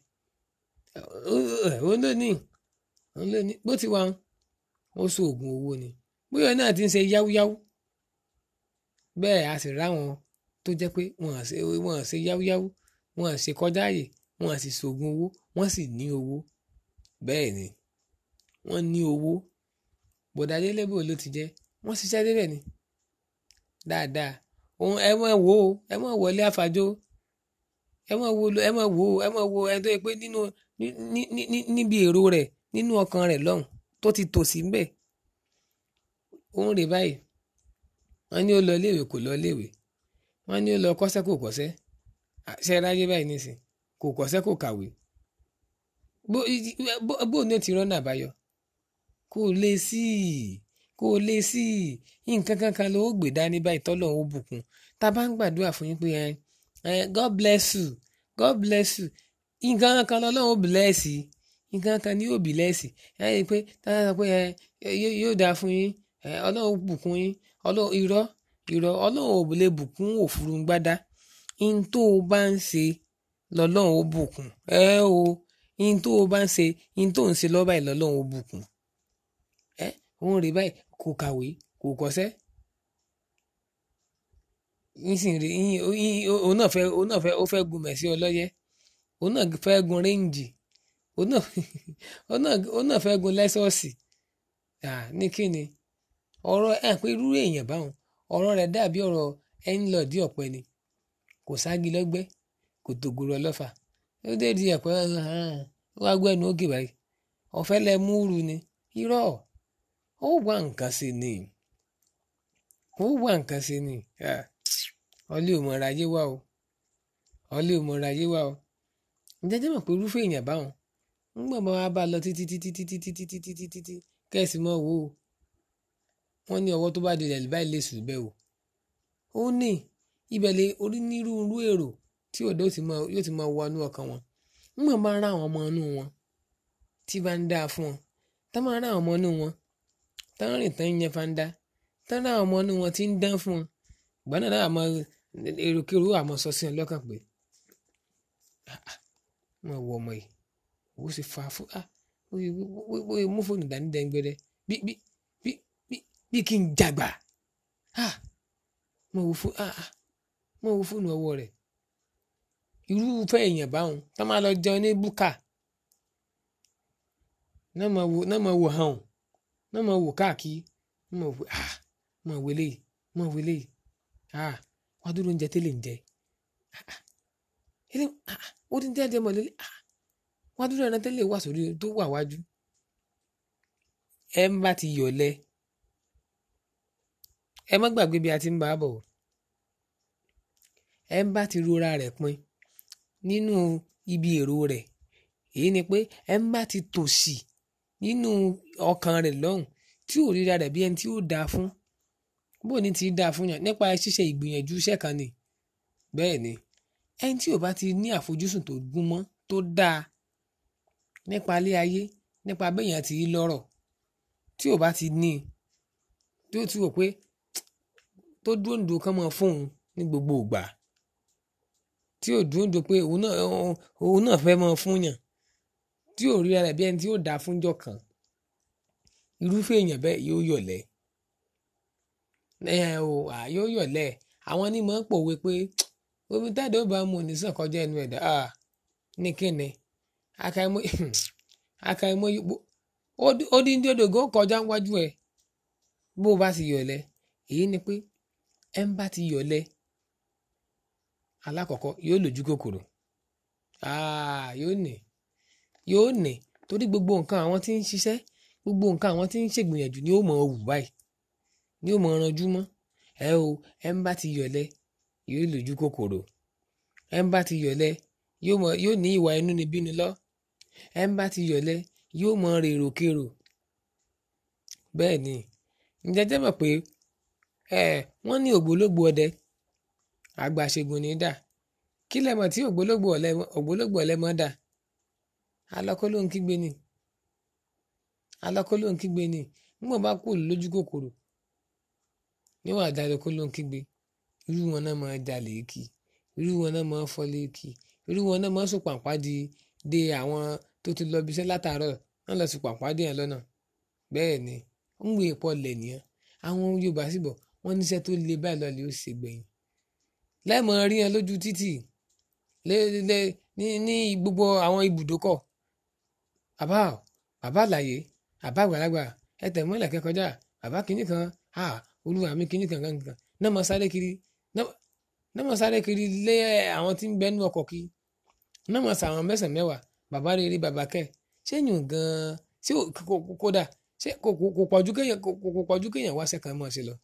ó ló ní ó ló ní bó ti wà ó so oògùn owó ni bóyá náà ti ń ṣe yáwúyáwú bẹ́ẹ̀ a sì ráwọn tó jẹ́ pé wọ́n à ṣe yáwúyáwú wọ́n à ṣe kọjá àyè wọ́n sì ṣògùn owó wọ́n sì ní owó bẹ́ẹ̀ ni wọ́n ní owó bọ̀dá délébò ló ti jẹ́ wọ́n ṣiṣẹ́ débẹ̀ ni dáadáa òun ẹ mọ̀ wò ó ẹ mọ̀ wọlé àfàjọ ẹ mọ̀ wò ó ẹ mọ̀ wò ó ẹ mọ̀ wò ó ẹ tó yẹ pé nínú níbi èrò rẹ̀ nínú ọkàn rẹ̀ lọ́hùn tó ti tò sí mbẹ̀ òun rè báyìí wọ́n ní ó lọ iléèwé kò lọ iléèwé wọ́n ní ó lọ kọ́ṣẹ́ kò kọ́ṣẹ́ ṣe é ráyé báyìí nísìnyí kò kọ́ṣẹ́ kò kàwé bó ní o ti rọ́nà kò lè sí kò lè kankan ló gbé dání báyìí tọ́lọ̀ bùkún ta bá ń gbàdúrà pé ẹ God bless you God bless you nǹkan lọ́lọ́run ó nǹkan ni yóò ẹ pé pé ẹ yóò dáa fún yín ẹ ọlọ́run bùkún yín ọlọ́run irọ́ irọ́ ọlọ́run lọ́lọ́run ó bùkún ẹ o ihun tó o bá ń ṣe ihun tó ń ṣe lọ́ọ́ báyìí lọ́lọ́run ó bùkún ẹ òun rè báyìí kò kàwé kò kọ́ṣẹ́ yín sì ń rè yín òun náà fẹ́ òun náà fẹ́ ó fẹ́ gun mẹ̀sí ọlọ́yẹ òun náà fẹ́ gun réǹjì òun *laughs* náà fẹ́ gun lẹ́sọ̀ọ̀sì ní kíni ọ̀rọ̀ ẹ̀ pé irú èèyàn báwọn ọ̀rọ̀ rẹ̀ dàbí ọ̀rọ̀ ẹ̀ ń lọ dí ọ̀pẹ ni kò ságilọ́gbẹ́ kòtògòrò ọlọ́fà ó dé di ẹ̀pẹ́ wá gbẹ́nu òkè báyìí ọ̀fẹ́ lẹ mú rú ni irọ́ ó wà nǹkan sí ni ó wà nǹkan sí ni ò wá o ọlé ò mọ̀ra ayé wá o jẹjẹ mọ̀ pé irúfẹ́ èèyàn báwọn ń wa títí títí títí títí títí títí kẹ́sì wò ó wọ́n ní ọwọ́ tó bá báyìí lè o ó ní ibẹ̀ lè onírúurú èrò tí òde yóò ti máa wọnú ọkàn wọn nígbà máa rá àwọn ọmọ inú wọn tí bá ń dáa fún wọn tá máa rá àwọn ọmọ inú wọn tá ń rìn tán yẹn fanda tá rá àwọn ọmọ inú wọn tí ń dán fún wọn ìgbà náà láwọn èròkèrò àmọ́ sọ sí wọn lọ́kàn pé wọn ah, ah, wọ ọmọ yìí wọ́n sì fa fún ah wọ́n mú fóònù dání dẹ́ngbẹ́rẹ́ bí bí bí bí kí n jàgbà ah mo wò fún ah, fóònù ọwọ́ rẹ̀ irúfẹ́ èèyàn báwọn tó máa lọ jẹun ní búkà náà mọ̀ wò hàn náà mọ̀ wò káàkiri náà mọ̀ wò ah mọ̀ wò léyìí mọ̀ wò léyìí ah wàá dúró oúnjẹ tẹ́lẹ̀ ń jẹ ah ah ilé ah, ah ó ti ń jẹ́ mọ̀ lélẹ̀ ah wàá dúró ẹran tẹ́lẹ̀ wà sórí tó wà wájú ẹ ń bá ti yọ̀lẹ́ ẹ má gbàgbé bí a ti ń bá a bọ̀ ẹ ń bá ti rora rẹ̀ pin nínú ibi èrò rẹ̀ èyí ni pé ẹ ń bá ti tòṣì nínú ọkàn rẹ̀ lọ́hùn tí ò ríra rẹ̀ bí ẹni tí ó dáa fún bó ni ti dáa fún yàn nípa ṣíṣe ìgbìyànjú iṣẹ́ kan ni bẹ́ẹ̀ ni ẹni tí ò bá ti ní àfojúsùn tó gúnmọ́ tó dáa nípa ilé ayé nípa béèyàn ti lọ́rọ̀ tí ò bá ti ní tí ó ti wò pé tó dúró nìdúró kán mọ́ fóun ní gbogbo ìgbà tí ò dúndùn pé òun náà òun náà fẹ́ mọ fún yàn tí ò ríra rẹ̀ bí ẹni tí ò dáa fúnjọ kan irúfẹ́ èèyàn bẹ́ẹ̀ yóò yọ̀lẹ́ ẹ o à yóò yọ̀lẹ́ àwọn ni mò ń pòwe pé omi táde ó bá mu nìsàn kọjá ẹnu ẹ̀dá à ní kíni akaimo *laughs* akaimo ó dín dín odògó kọjá wájú ẹ bó o bá ti yọ̀lẹ́ èyí ni pé ẹ ń bá ti yọ̀lẹ́ alákọ̀ọ́kọ́ yóò lójú kòkòrò ah, yóò nì yóò nì torí gbogbo nǹkan àwọn tí ń ṣiṣẹ́ gbogbo nǹkan àwọn tí ń ṣègbìyànjú ni ó mọ̀ ọ́ báyìí ni ó mọ̀ ọ́ ranjú mọ́ ẹ o ẹ ń bá ti yọ̀lẹ yóò lójú kòkòrò ẹ ń bá ti yọ̀lẹ yóò ní ìwà inú ni bínú lọ ẹ ń bá ti yọ̀lẹ yóò mọ̀ rèrò kérò bẹ́ẹ̀ ǹjẹ́ jẹ́ mọ̀ pé wọ́n ní ògbólógbòó ọdẹ àgbàṣègùn ní dà kí lẹ́mọ̀ tí ògbólógbò ọ̀lẹ́mọ̀ dà alọ́kọ́ ló ń kígbe ni alọ́kọ́ ló ń kígbe ni nígbà bá kúrò lójú kòkòrò níwọ̀n àdàlọ́kọ́ ló ń kígbe irú wọn náà máa jalè kí irú wọn náà máa fọlé kí irú wọn náà máa sùn pàǹpá di de àwọn tó ti lọ ibiṣẹ́ látàárọ̀ náà lọ sùn pàǹpá dé yẹn lọ́nà bẹ́ẹ̀ ni ń wé pọ̀ lẹ̀ nìyẹn àwọn Yorùbá sì bọ̀ wọ́n níṣẹ́ tó le báyìí lọ́ọ́ lè ó ṣe gbẹ̀yìn lẹ́ẹ̀mọ rí wọn lójú títì ní gbogbo àwọn ibùdókọ̀ bàbá bàbá àlàyé bàbá àgbàlagbà ẹ tẹ̀ mọ́lẹ̀ kẹ́ kọjá bàbá kìíní kan à olúwa mi kìíní kan kankan náà mọ sáré kiri náà mọ sáré kiri lé àwọn tí ń bẹ nínú ọkọ̀ kí náà mọ sàwọn mẹ́sàn-án mẹ́wàá bàbá rere bàbá kẹ́ ṣé yùn gan-an ṣé kódà ṣé kò pọ̀jù kéèyàn wá sẹ́kàn mọ́ ṣe lọ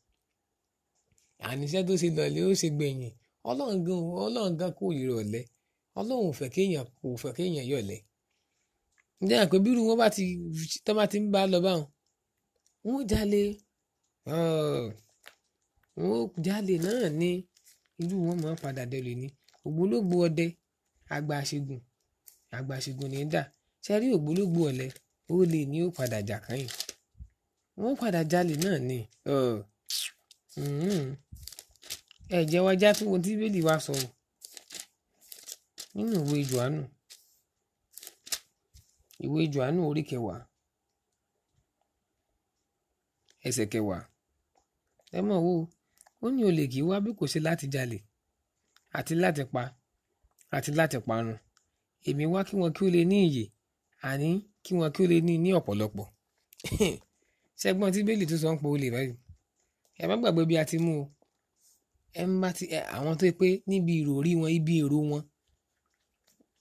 àníṣe tó ṣe lọ lé ó ṣe gbẹ̀yìn ọlọ́run gan ọlọ́run gan kó ìrọ̀lẹ́ ọlọ́run ò fẹ́ kéèyàn kò fẹ́ kéèyàn yọ̀lẹ́ ǹjẹ́ àpè bírú wọn bá ti tọ́ bá ti ń bá lọ báwọn wọn ò jalè wọn ò jalè náà ní irú wọn máa ń padà dẹlẹ̀ ní ògbólógbò ọdẹ àgbà àṣegùn àgbà àṣegùn ní dà ṣe ògbólógbò ọ̀lẹ ó lè ní ó padà jà kányìn wọn padà jalè náà ní ẹ jẹ́ wá já sí ohun tí bíbélì wa sọ̀rọ̀ nínú ìwé Jòhánù ìwé Jòhánù orí kẹwàá ẹsẹ̀ kẹwàá ẹ mọ̀ wo ó ní olè kì í wá bí kò ṣe láti jalè àti láti pa àti láti parun èmi wá kí wọn kí ó lè ní ìyè àní kí wọn kí ó lè ní ní ọ̀pọ̀lọpọ̀ *laughs* ṣẹgbọ́n tí bẹ́ẹ̀lì tún sọ ń pọ̀ olè báyìí ẹ má gbàgbé bí a ti mú o ẹ má ti ẹ àwọn tó yẹ pé níbi ìròrí wọn ibi èrò wọn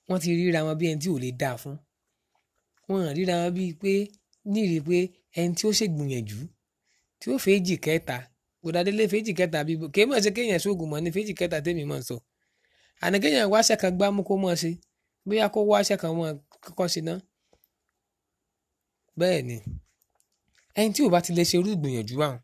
wọ́n ti ríra wọn bí ẹni tí ò lè dáa fún wọn ríra wọn bíi pé nírì pé ẹni tí ó ṣègbìyànjú tí ó fèéjì kẹta gbọdadélé fèéjì kẹta bíi kéé mọ̀ ṣe kéèyàn ṣoògùn mọ̀ ní fèéjì kẹta tèmi mọ̀ sọ àná kéèyàn wá aṣẹ́ kan gbámú kó mọ̀ ṣe bóyá kó wá aṣẹ́ kan mọ̀ kọ́kọ́ ṣe ná bẹ́ẹ̀ ni ẹni tí ò bá ti lè ṣe irú ìgbìyànjú báwọn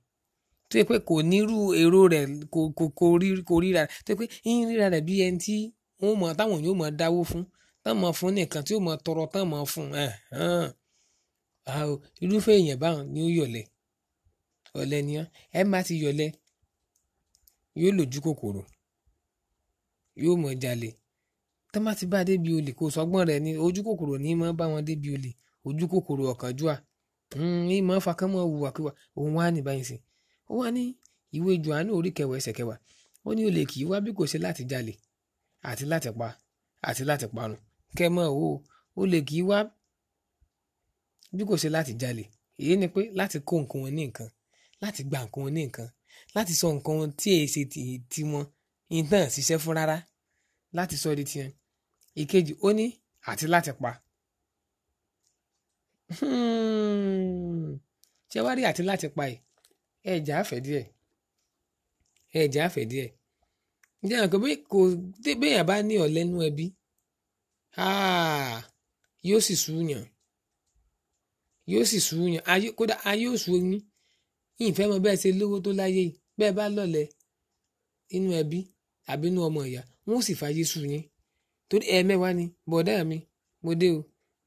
tó yẹ pé kò nírú èrò rẹ̀ kò kò kò rí kò ríra rẹ̀ tó yẹ pé ń ríra rẹ̀ bí ẹni tí wọ́n mọ̀ táwọn yóò mọ̀ dáwó fún tán mọ̀ fún nìkan tí yóò mọ̀ tọrọ tán mọ̀ fún irúfẹ́ èèyàn báwọn ni ó yọ̀lẹ̀ ọ̀lẹ ni ẹ má ti yọ̀lẹ̀ yóò lójú kòkòrò yóò mọ̀ jalè tán bá ti bá débi olè kò sọ́gbọ́n rẹ̀ ni ojú kòkòrò ní mọ́ bá wọn débi olè ojú kòkòrò ọ̀kánjúà ní mọ́ fakánmọ́ wùwàkiwà òun wá ní báyìí sìn ó wá ní ìwé Jòhánù orí kẹwàá ẹsẹ̀ kẹwàá ó ní olè kì í wá bí kò ṣe láti jalè àti láti pa àti láti parun kẹmọ o olè kì í wá bí kò ṣe láti jalè èyí ni pé láti kó nǹkan wọn ní nǹkan láti gba nǹkan wọn ní nǹkan láti sọ nǹkan wọn tí èyí ṣe ti wọn ìtàn ṣiṣẹ́ fún rárá láti sọ di tiẹ̀ ìkejì ó ní àti láti pa hmm. ṣé wá rí àti láti pa yìí ẹ̀já àfẹ́ díẹ̀ ẹ̀já àfẹ́ díẹ̀ ǹjẹ́ àǹkọ́ bí kò béèyàn bá ní ọ̀lẹ́nu ẹbí yóò sì súyàn yóò sì súyàn kódà ayé òsù yín ìfẹ́ mọ bẹ́ẹ̀ ṣe lówó tó láyé yìí bẹ́ẹ̀ bá lọ́lẹ̀ inú ẹbí àbí inú ọmọ ìyá wọn ò sì fàyè sùn torí ẹ̀ẹ̀mẹ́wàá ni bọ̀dá mi mo dé o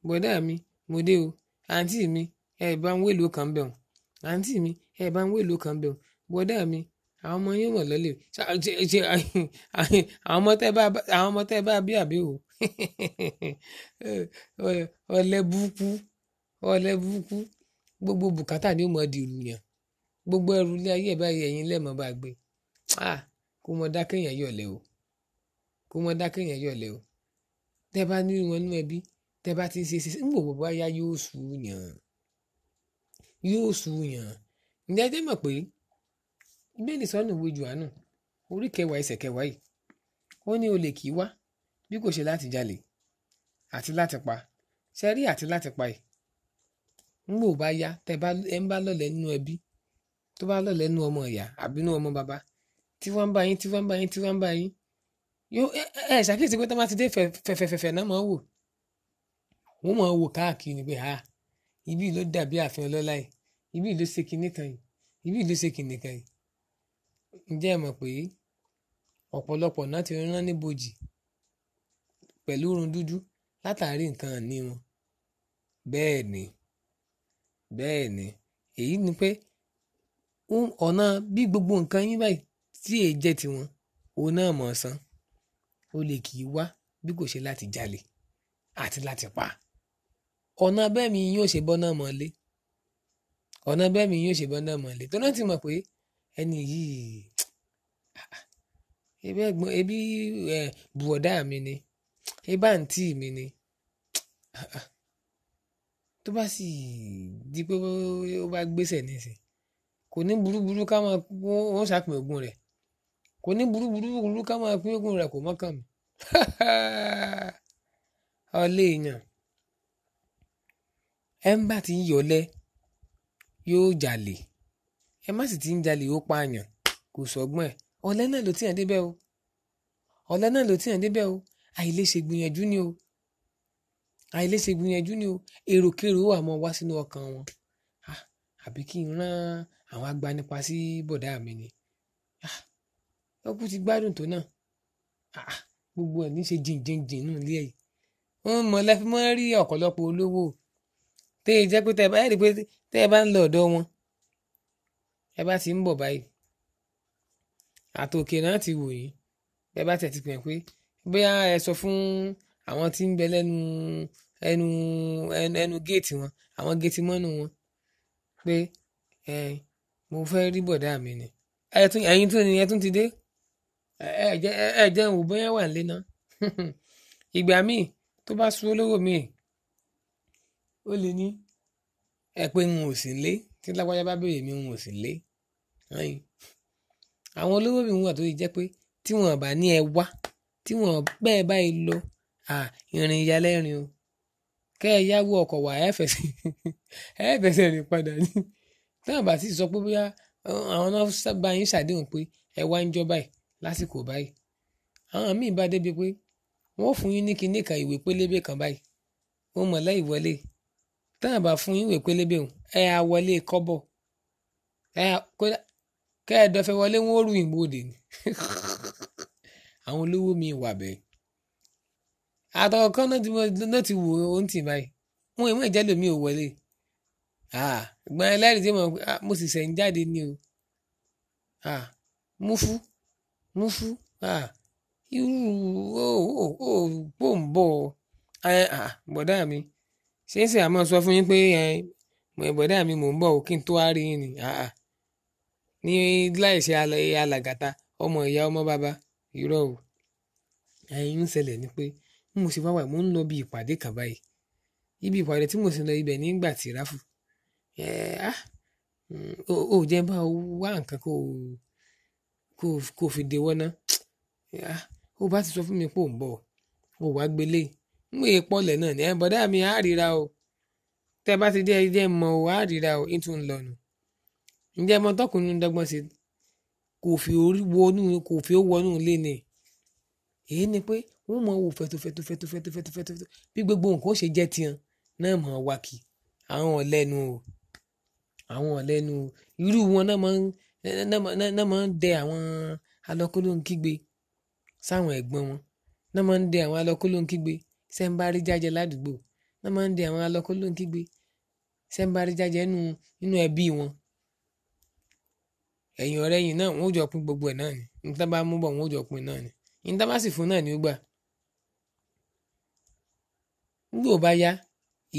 bọ̀dá mi mo dé o àǹtí mi ẹ̀ ń wélo kàn bẹ̀ wọ̀n àǹtí mi ẹ bá ń wé ìlú kan bẹ́ẹ̀ o bọ́dá mi àwọn ọmọ yín wọ̀ lọ́lẹ̀ *laughs* àwọn ọmọ tẹ́ bá bí àbí o *laughs* ọ̀lẹ́ burúkú ọ̀lẹ́ burúkú gbogbo bùkátà ni ó mọ̀ di ìlú yẹn gbogbo ẹrù ilé ayé ẹ̀ báyìí ẹ̀yìn lẹ́mọ̀ bá gbé kó mọ dá kéèyàn yọ̀lẹ̀ o kó mọ dá kéèyàn yọ̀lẹ̀ o tẹ́ bá ní wọn nú ẹbí tẹ́ bá ti ń ṣe ṣe ń wò wọ́n bóyá yóò sùn yàn yóò sùn yàn ǹjẹ́ ẹjẹ́ mọ̀ pé bíbélì sọ́nù ìwé jùánù orí kẹwàá ẹsẹ̀ kẹwàá yìí ó ní olè kì í wá bí kò ṣe láti jalè àti láti pa ṣe rí àti láti pa yìí ńgbò bá yá tẹ ẹ ń bá lọ́lẹ̀ nínú ẹbí tó bá lọ́lẹ̀ nínú ọmọ ìyá àbí nínú ọmọ bàbá tí wọ́n ń bá yín tí wọ́n ń bá yín tí wọ́n ń bá yín yóò ẹ ẹ ṣàkíyèsí pé tó ti dé fẹ̀fẹ̀fẹ̀fẹ̀ náà máa wò wọ́n máa wò káàkiri pé ha ibi ló dàbí ààfin ọlọ́lá ibi ló ṣe kinní kan yìí ibi ló ṣe kinní kan yìí ǹjẹ́ ẹ mọ̀ pé ọ̀pọ̀lọpọ̀ náà ti rán níbojì pẹ̀lú irun dúdú látàrí nǹkan àní wọn bẹ́ẹ̀ ni bẹ́ẹ̀ ni èyí ni pé ọ̀nà bí gbogbo nǹkan yín báyìí tí èyí jẹ́ tiwọn òun náà mọ̀ san ó lè kì í wá bí kò ṣe láti jalè àti láti pa ọ̀nà bẹ́ẹ̀ mi yóò ṣe bọ́ náà mọ́ lé ọ̀nà bẹ́ẹ̀ mi yóò ṣe bọ́ndà mọ̀lẹ́ tó náà ti mọ̀ pé ẹni yìí ebi *tsk* ẹ̀gbọ́n ebi ẹ bùọ̀dá mi ni ebi àǹtí mi ni *tsk* tó bá sì di pé ó bá gbèsè nísìn kò ní burúburú ká máa wọ́n ṣàpín ogún rẹ̀ kò ní burúburú ká máa pín ogún rẹ̀ kò mọ́kàn mi *laughs* ọlé ẹ ń bá ti ń yọlẹ́ yóò jalè ẹ má sì ti ń jalè ó pààyàn kò sọ́gbọ́n ẹ̀ ọ̀lẹ náà ló tìyàn débẹ̀ o ọ̀lẹ náà ló tìyàn débẹ̀ o àìlèṣe gbìyànjú ni o àìlèṣe gbìyànjú ni o èròkérò wà mọ́ wá sínú ọkàn wọn àbí kí n rán àwọn agbanipa sí bọ̀dá mi ni ọkùn ti gbádùn tó náà gbogbo ẹ̀ ní ṣe jìnjìnjìn nù ilé ẹ̀ wọ́n mọ̀ lẹ́fí mọ́ rí ọ̀pọ̀lọpọ̀ olówó o tẹ ẹ jẹ́ pé tẹ ẹ bá ẹ rí pé tẹ ẹ bá ń lọ ọ̀dọ̀ wọn ẹ bá ti ń bọ̀ báyìí àtòkè náà ti wò yín ẹ bá tẹ̀ ti pè pé bóyá ẹ sọ fún àwọn tí ń bẹ lẹ́nu ẹnu ẹnu ẹnu géètì wọn àwọn géètì mọ́nù wọn pé ẹ mo fẹ́ rí bọ̀dá mi ni ẹ̀yin tún ni ẹ tún ti dé ẹ jẹ́ ń wò bóyá wà nílé náà *laughs* ìgbà míì tó bá sun olówó míì ó lè ní ẹ pé n ò sí lé tí lágbájá bá béèrè mi n ò sí lé ẹyìn àwọn olówó mi wà tó yẹ jẹ́ pé tí wọ́n bá ní ẹ wá tí wọ́n bẹ́ẹ̀ báyìí lọ ìrìn ìyálẹ́rìn o kẹ́ ẹ yáwó ọkọ̀ wà ẹ fẹsẹ̀ *laughs* ẹ fẹsẹ̀ rìn padà ní táwọn bá sì sọ pé bóyá àwọn náà bá yín ṣàdéhùn pé ẹ wá ń jọ báyìí lásìkò báyìí àwọn míì bá débi pé wọ́n fún yín ní kinní kan ìwé pélébé kan báyìí wọ́n mọ̀ láì wọlé tán àbá fún ìwé pélébé o ẹ á wọlé kọ́bọ̀ ẹ á kẹ́ ẹ dọ́fẹ́ wọlé wọn ó rú ìgbòde ni *laughs* àwọn olówó mi wà bẹ́ẹ̀ àtọkọ náà ti wò ó ń tì báyìí wọn ìwé ìjẹ́lò mi ò wọlé gbọ́n ẹlẹ́rìí tí mo sì ṣẹ̀ ń jáde ni o mú fú mú fú irú ó ó ó bò ń bọ̀ bọ̀dá mi ṣé ṣe àmọ́ sọ fún yín pé ẹ mọ̀ ìbọ̀dá mi mò ń bọ̀ kí tó wá rí yín ni ní láìṣe alàgàtà ọmọ ìyá ọmọ bàbá irọ́ o ẹ̀yin ń ṣẹlẹ̀ ni pé mo sì wá wà mo ń lọ bí ìpàdé kan báyìí ibi ìpàdé tí mo sì lọ ibẹ̀ nígbà tí ráfù ẹ̀ á ò jẹ́ bá wá nǹkan kó kó kó fi dewọ́ ná ó bá ti sọ fún mi pé ò ń bọ̀ ò wá gbélé yìí ń wèé pọ̀lẹ̀ náà ní ẹ̀bọ̀dá mi á ríra o tẹ́ bá ti dé ẹjẹ́ mọ o á ríra o ètò ń lọ̀nù ǹjẹ́ mọ tọkùnrin dọ́gbọ́n sí kò fi orí wọnú kò fi ó wọnú lé ni èyí ni pé wọ́n mọ wò fẹ́tofẹ́to fẹ́tofẹ́to fẹ́tofẹ́to bí gbogbo nǹkan ó ṣe jẹ́ tiẹ̀ náà mọ̀ wá kì àwọn ọ̀lẹ́nu o àwọn ọ̀lẹ́nu o irú wọn náà máa ń dẹ àwọn alọ́kólóńkígbe sáwọn ẹ̀gbọ́n wọn náà máa ń dẹ àwọn alọ́kólóńkígbe sẹ́ńbárí jájẹ ládùúgbò wọ́n máa ń de àwọn alọ́kọ́ ló ń kígbe sẹ́ńbárí jájẹ nínú nínú ẹbí wọn ẹ̀yìn ọ̀rẹ́ yìí náà wọ́n ó jọ pín gbogbo ẹ̀ náà ni ní tá bá mú bọ̀ wọ́n ó jọ pín náà ni ní tá bá sì fún náà ni ó gbà. nígbà ó bá yá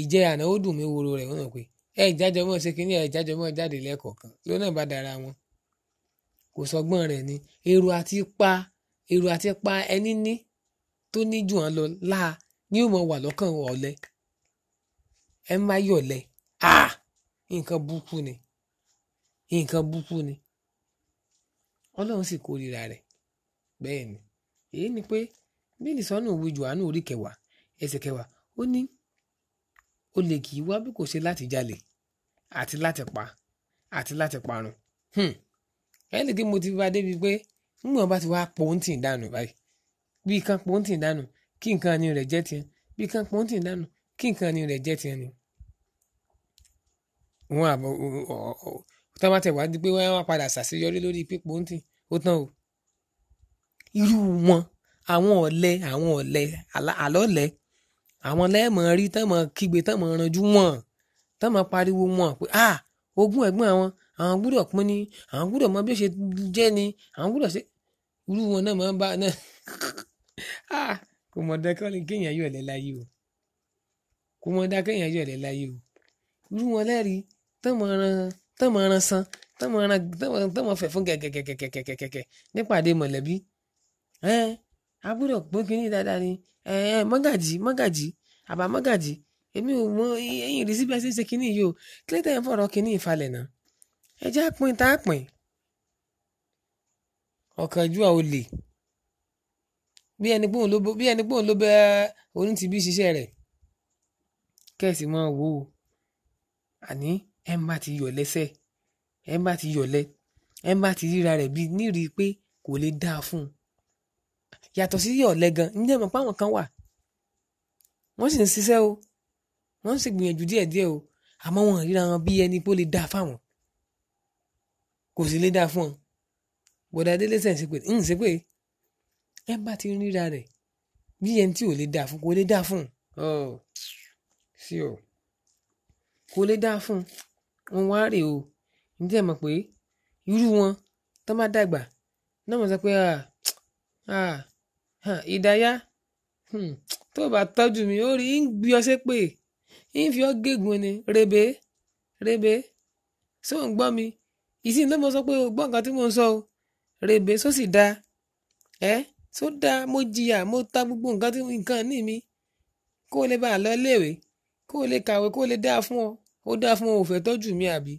ìjẹ́ àná ó dùn mí woro rẹ̀ wọ́n náà pé ẹ ìjájọ mọ́ ṣe kínní ẹ ìjájọ mọ́ jáde lẹ́kọ̀ọ̀kan ló náà bá dára wọn. kò sọgbọ́n rẹ̀ ni èrò àti pa èrò àti pa ẹni ní tó ní jù hàn lọ láà ní ò mọ wà lọ́kàn ọ̀lẹ ẹ má yọ̀lẹ ah nǹkan burúkú ni nǹkan burúkú ni ọlọ́run sì kórìíra rẹ̀ bẹ́ẹ̀ ni èyí ni pé bíìlì sọ́nà òwe johannu orí kẹwàá ẹsẹ̀ kẹwàá ó ní olè kì í wá bí kò ṣe láti jalè àti láti pa àti láti parun hmm. ẹnì kí mo ti bá débi pé nígbà bá ti wá pọ́ńtì dànù báyìí bí kan pọ́ńtì dànù kí nǹkan àní rẹ̀ jẹ́ tiẹ̀ bí kan pọ́ńtì dànù kí nǹkan àní rẹ̀ jẹ́ tiẹ̀ ni. wọn àbọ̀ tó bá tẹ̀ wá di pé wọ́n á padà ṣàṣeyọrí lórí pípọ́ńtì ó tán o. irú wọn àwọn ọ̀lẹ àwọn ọ̀lẹ àlọ́lẹ̀ àwọn lẹ́ẹ̀mọ̀ rí tọ́mọ kígbe tọ́mọ ranjú wọn tọ́mọ pariwo wọn pé ah ogún ẹ̀gbọ́n àwọn àwọn gbúdọ̀ pín ní àwọn gbúdọ̀ mọ bí ó ṣe jẹ́ ni àwọn gbúdọ̀ ṣe irú wọn náà máa ń bá náà ah *laughs* kò mọ̀ dá kéèyàn yọ̀lẹ̀ láyé o kò mọ̀ dá kéèyàn yọ̀lẹ̀ láyé o irú wọn lẹ́rìí tán mọ̀ ran tán mọ̀ ran san tán mọ̀ ran tán fẹ̀ fún kẹ̀kẹ̀kẹ̀kẹ̀kẹ̀kẹ̀ nípàdé mọ̀lẹ́bí ẹ̀ẹ́n abúlé gbógi dáadáa ni ẹ̀ẹ́n mọ́gàjì mọ́gàjì àbá mọ́gàjì èmi ò mọ ẹ̀yìn rí síbi ẹsẹ̀ kínní yìí o kí lẹ́tà yẹn fọ̀rọ̀ kínní ìfalẹ̀ náà ẹ jẹ́ àpín tá àpín ọ̀kànjúà olè bí ẹni pé òun ló bẹ òun ti bí ṣiṣẹ́ rẹ̀ kẹ́sì máa wò ó àní ẹ̀ ń bá ti yọ̀ lẹ́sẹ̀ ẹ̀ ń bá ti yọ̀ lẹ́ ẹ̀ ń bá ti ríra rẹ̀ bí nírìí pé kò lè dáa fún un yàtọ̀ sí yọ̀ lẹ́ gan ǹjẹ́ mọ̀ kan wà wọ́n sì ń ṣiṣẹ́ o wọ́n sì gbìyànjú díẹ̀díẹ̀ o àmọ́ wọn ríra wọn bí ẹni pé ó lè dáa fáwọn kò sì lè dáa fún ọ bọ̀dá délé ń ṣe pé ń ṣe pé ẹ bá ti ríra rẹ̀ bí ẹni tí ò lè dáa fún kò lè dáa fún o kò lè dáa fún wọn wá rè o ǹjẹ́ ẹ mọ̀ pé irú wọn tó bá dàgbà náà mọ̀ sọ pé ìdáyà hmm, tó bá tọ́jú mi ó rí ń gbé ọṣẹ́ pé ń fi ọ́ gégùn ni rebe rebe só ń gbọ́ mi ìsìn ló mọ sọ pé o gbọ́ nǹkan tí mò ń sọ o rebe só sì dáa ẹ́ tó dáa mo jìyà mo ta gbogbo nǹkan tí nǹkan ní mi kó o lè bá a lọ léèwé kó o lè kàwé kó o lè dáa fún ọ ó dáa fún ọ ò fẹ́ tọ́jú mi àbí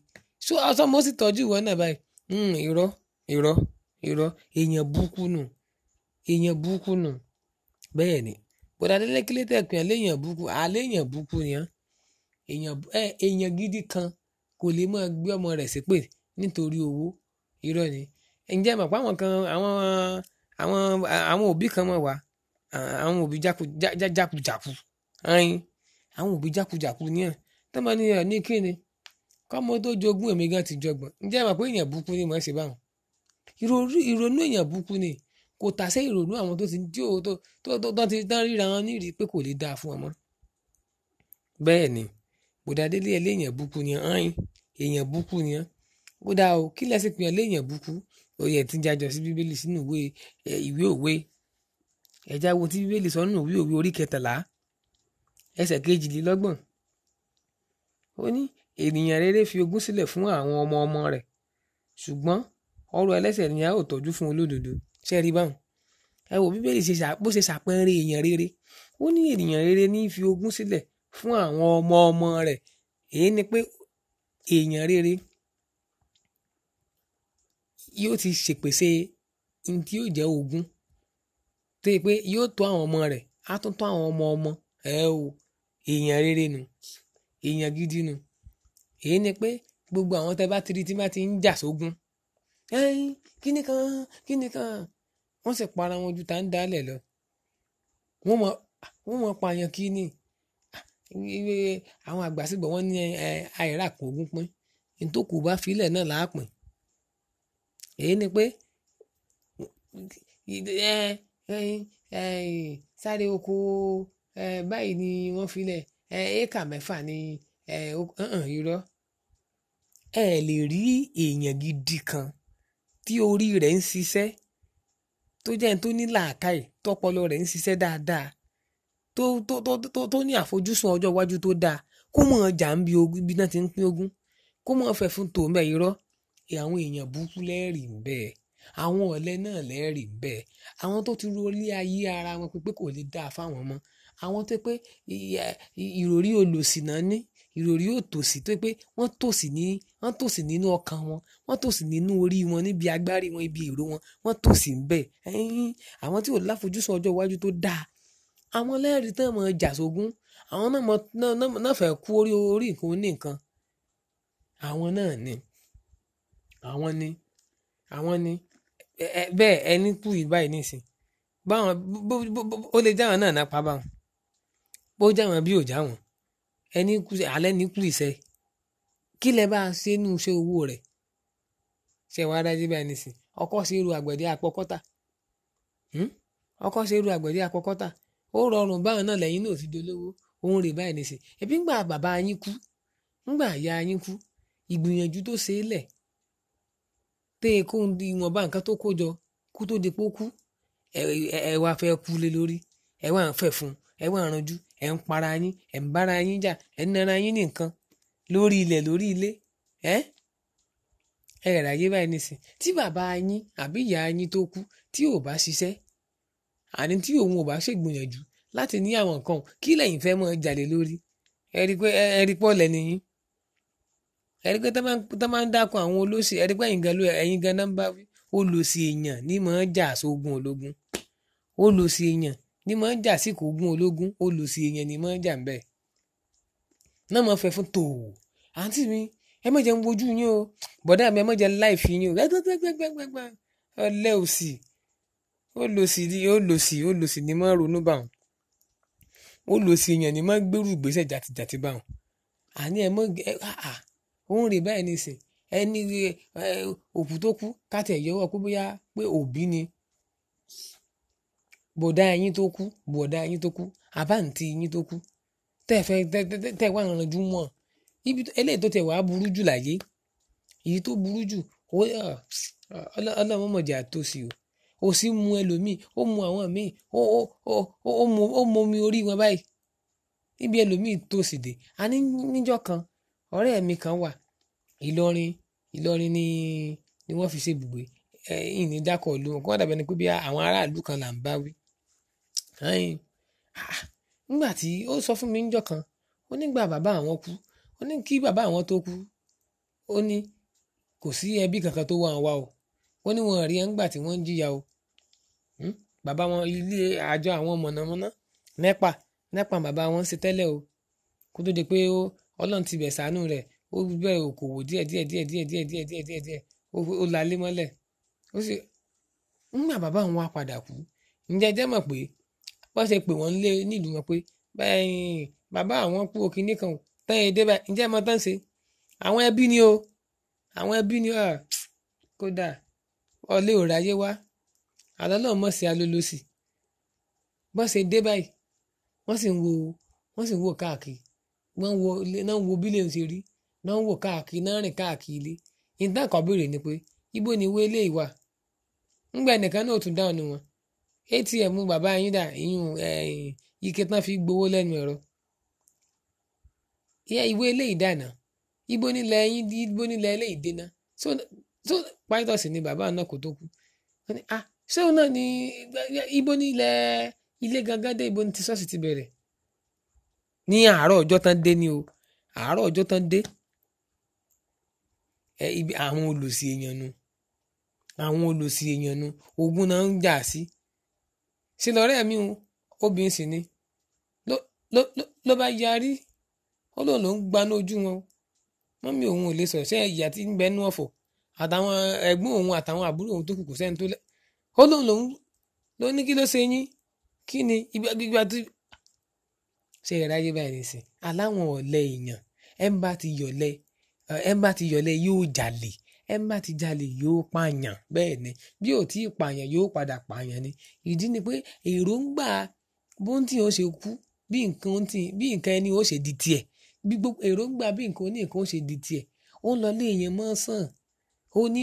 ṣó ọsọ mo sì tọ́jú ìwọ náà báyìí hmm, irọ́ irọ́ irọ́ èèyàn burúkú nù èèyàn burúkú nù bẹ́ẹ̀ ni bọ̀dà lẹ́lẹ́kílẹ́ tẹ̀kùn yẹn léèyàn burúkú àléèyàn burúkú yẹn èèyàn gidi kan kò lè máa gbé ọmọ rẹ̀ ṣépè nítorí owó irọ́ ni ǹjẹ́ mọ̀ pé àwọn kan àwọn àwọn àwọn òbí kan mọ̀ wá àwọn òbí jákujàku ayin àwọn òbí jákujàku ní ẹ̀ tó máa ní ẹ̀ ní kíni kọ́mọ tó jogún èmi gan ti jọgbọ̀n ǹjẹ́ ẹ mọ̀ pé èèyàn burúkú ni mọ̀ ṣe báwọn ìrònú èèyàn burúkú ni kò tà sẹ́ ìrònú àwọn tó ti ń jó tó tó ti dán ríra wọn ní ìrí pé kò lè dáa fún ọmọ bẹ́ẹ̀ ni bùdá délé ẹ léèyàn burúkú ni ayin èèyàn burúkú ni ó dáa o kí lẹ́sìn pé léèyàn burúkú ó yẹ tí ń jájọ sí bíbélì sínú ìwé ìwé òwe ẹ̀já wo tí bíbélì sọ nínú ìwé òwe orí kẹtàlá ẹsẹ̀ kejìlélọ́gbọ̀n ó ní ènìyàn rere fi ogún sílẹ̀ fún àwọn ọmọ ọmọ rẹ̀ ṣùgbọ́n ọrọ̀ ẹlẹ́ṣẹ̀ ni a ó tọ́jú fún olódodo ṣe rí báwọn ẹ wo bíbélì bó ṣe ṣàpẹẹrẹ èèyàn rere ó ní ènìyàn rere ní fi ogún sílẹ̀ fún àwọn ọmọ ọmọ rẹ̀ èyí ni pé èèyàn rere yóò ti ṣèpèsè ní tí yóò jẹ́ ogún tó yẹ pé yóò tó àwọn ọmọ rẹ̀ á tún tó àwọn ọmọ ọmọ ẹ o èèyàn rere nu èèyàn gidi nu èyí ni pé gbogbo àwọn tẹ bá ti rí tí bá ti ń jà sógun ẹyin kíni kan kíni kan wọ́n sì para wọn ju tá ń dálẹ̀ lọ wọ́n mọ wọ́n mọ pààyàn ni àwọn àgbàsígbọ̀ wọ́n ní àìrà kò ogún pín ntòkù bá filẹ̀ náà láàpín èyí ni pé sáré oko báyìí ni wọ́n filẹ̀ éèkà mẹ́fà ni irọ́ ẹ lè rí èèyàn gidi kan tí orí rẹ̀ ń ṣiṣẹ́ tó jẹ́ ẹni tó ní làákàyè tọpọlọ rẹ̀ ń ṣiṣẹ́ dáadáa tó tó tó tó tó ní àfojúsùn ọjọ́ iwájú tó dáa kó mọ̀ ọjà ń bi ogún bí náà ti ń pín ogún kó mọ̀ fẹ́ fún tòun bẹ́ẹ̀ irọ́ àwọn èèyàn burúkú lẹ́ẹ̀rì ń bẹ́ẹ̀ àwọn ọ̀lẹ náà lẹ́ẹ̀rì ń bẹ́ẹ̀ àwọn tó ti rolé ayé ara wọn pé kò lè dáa fáwọn mọ́ àwọn tó pé ìròrí olòṣì náà ní ìròrí òtòṣì tó pé wọ́n tòṣì ní wọ́n tòṣì nínú ọkàn wọn wọ́n tòṣì nínú orí wọn níbi agbárí wọn ibi èrò wọn wọ́n tòṣì ń bẹ̀ ẹ̀yìn àwọn tí ò láfojúsùn ọjọ́ iwájú tó dáa àwọn lẹ́ẹ̀rí tán mọ̀ jàsógún àwọn náà fẹ́ kú orí nǹkan oní nǹkan àwọn náà ni àwọn ni àwọn ni bẹ́ẹ̀ ẹni kú yìí báyìí nìsín báwọn ó lè jáwọn náà náà pa báwọn bó jáwọn bí ò jáwọn ẹni kú alẹ́ ní kú ìṣe kí lẹ bá ṣe nù ṣe owó rẹ̀ ṣe wàá dájú báyìí nìsín ọkọ sí irú àgbẹ̀dẹ àpọ̀kọ́tà hmm? ọkọ sí irú àgbẹ̀dẹ àpọ̀kọ́tà ó rọrùn báwọn náà lẹ́yìn náà ti dolówó òun rè báyìí nìsín ẹbí ńgbà bàbá yín kú ńgbà ìyá yín kú ìgbìyànjú tó ṣe é lẹ̀ téèyàn kó ìwọ̀nba nǹkan tó kó jọ kú tó di pé ó kú ẹ wá fẹ́ kú lé lórí ẹ wá ń fẹ́ fún ẹ wá ń ranjú ẹ ń para yín ẹ ń bára yín jà ẹ ń nara yín ní nǹkan lórí ilẹ̀ lórí ilé ẹ ẹ ráyé báyìí nìsín tí bàbá yín àbí ìyá yín tó kú tí ò bá ṣiṣẹ́ àní tí òun ò bá ṣègbìyànjú láti ní àwọn nǹkan kí lẹ́yìn fẹ́ mọ́ jalè lórí ẹ rí pé ẹ rí ẹ̀rí pé tó máa ń dákun àwọn olóṣì ẹ̀rí pé ẹ̀yin gan ló ẹ̀yin gan náà ń bá wí olóṣì èèyàn ní mọ̀ ń jà sógun ológun olóṣì èèyàn ní mọ̀ ń jà sí kògùn ológun olóṣì èèyàn ní mọ̀ ń jà ń bẹ̀ náà mọ̀ fẹ́ fún tòò àǹtí mi ẹ má jẹ́ ń wojú yín o bọ̀dá mi ẹ má jẹ́ láìfi yín o gbẹgbẹgbẹgbẹgbẹ ọlẹ òsì olòsì olòsì olòsì ni mọ ronú báwọn olòsì èèyàn ni mọ gbèrú ìgbésẹ̀ jàtìjàtì báwọn àní ẹ mọ ẹ àà ó ń rìn báyìí nìsín ẹni òkú tó kú kátẹ̀ yọwọ́ pé bóyá pé òbí ni bọ̀dá ẹyin tó kú bọ̀dá ẹyin tó kú àbáǹtí ẹyin tó kú tẹ́ẹ̀fẹ́ tẹ́ẹ̀ wà rànjú mọ́ ibi eléyìí tó tẹ̀ wá burú jù láyé èyí tó burú jù ọlọ́mọ mọ̀jà tó sí o ò sì mu ẹlòmíì ó mu àwọn míì ó mu omi orí wọn báyìí níbi ẹlòmíì tó sì dé a ní níjọ́ kan ọ̀rẹ́ mi kan wà Ìlọrin Ìlọrin ni ni wọ́n fi ṣe ibùgbé ẹ n ní dákọ ìlú wọn kó má dàbí ẹni pé bí àwọn aráàlú kan là ń bá wí. nígbà tí ó sọ fún mi níjọ́ kan ó nígbà bàbá àwọn kú ó ní kí bàbá àwọn tó kú ó ní kò sí ẹbí kankan tó wà wá o ó ní wọn rí ẹ ńgbà tí wọ́n ń jìyà o hm? bàbá wọn ilé àjọ àwọn mọ̀nàmọ́ná nẹ́pà nẹ́pà bàbá wọn ń ṣe tẹ́lẹ̀ o kó tó di pé ọlọ́run ti bẹ̀ sàánú rẹ̀ ó bẹ̀rẹ̀ òkòwò díẹ̀ díẹ̀ díẹ̀ díẹ̀ díẹ̀ díẹ̀ díẹ̀ díẹ̀ díẹ̀ ó lalé mọ́lẹ̀ ó sì ńgbà bàbá òun wá padà kú ǹjẹ́ jẹ́ mọ̀ pé wọ́n ṣe pè wọ́n lé nílùú wọn pé bàbá àwọn kú òkìní kan tán yẹn dé báyìí ǹjẹ́ mọ tán ṣe àwọn ẹbí ni o àwọn ẹbí ni o ah, kódà ọlé ò ráyé wá àlọ́ náà mọ̀ sí alólòsì bọ́n ṣe dé báyìí wọ́n sì ń wo wọ́n sì ń wo káàkiri wọ́n ń wo ilé náà ń ṣe rí náà ń wò káàkiri náà ń rìn káàkiri ilé nǹkan kan béèrè ni pé ibo ni ìwé ilé ìwà ńgbà nìkan náà ò tún dáhùn wọn atm bàbá yín dà ìyún ike tán fi gbowó lẹ́nu ẹ̀rọ ìwé ilé ìdáná ibo nílẹ̀ yín ibo nílẹ̀ ilé ìdènà so so pítọ́sì ni bàbá náà kò tó kú wọ́n ní ah ṣé òun náà ni ibo nílẹ̀ ilé gangan dé ibo ní ti ṣọ́ọ̀ṣì ti bẹ̀rẹ̀ ní àárọ̀ ọjọ́ tán dé ni o àárọ̀ ọjọ́ tán dé ibi àwọn olùsí èèyàn nu àwọn olùsí èèyàn nu ogun náà ń jà sí sí lọ́rẹ́ mi o obìnrin sì ni ló bá yarí ó lóun ló ń gbaná ojú wọn mọ́mí òun ò lè sọ̀rọ̀ ṣé ìyá tí ń bẹ nú ọ̀fọ̀ àtàwọn ẹ̀gbọ́n òun àtàwọn àbúrò òun tó kù kò sẹ́ni tó lẹ́ ó lóun lòun ló ní kí ló ṣe yín kí ni gbígbà tó ṣe ìráyé báyìí nìsín aláwọn ọ̀lẹ èèyàn ẹ̀ ń bá ti yọ̀lẹ́ ẹ má ti yọ̀lẹ yóò jalè ẹ má ti jalè yóò pààyàn bẹ́ẹ̀ ni bí ò tí ì pààyàn yóò padà pààyàn ni ìdí ni pé èròǹgbà bóńtì ó ṣe kú bí nǹkan bí nǹkan ẹni ó ṣe di tiẹ̀ bí gbogbo èròǹgbà bí nǹkan oní nǹkan ó ṣe di tiẹ̀ ó ń lọ lé èèyàn mọ́ sàn ó ní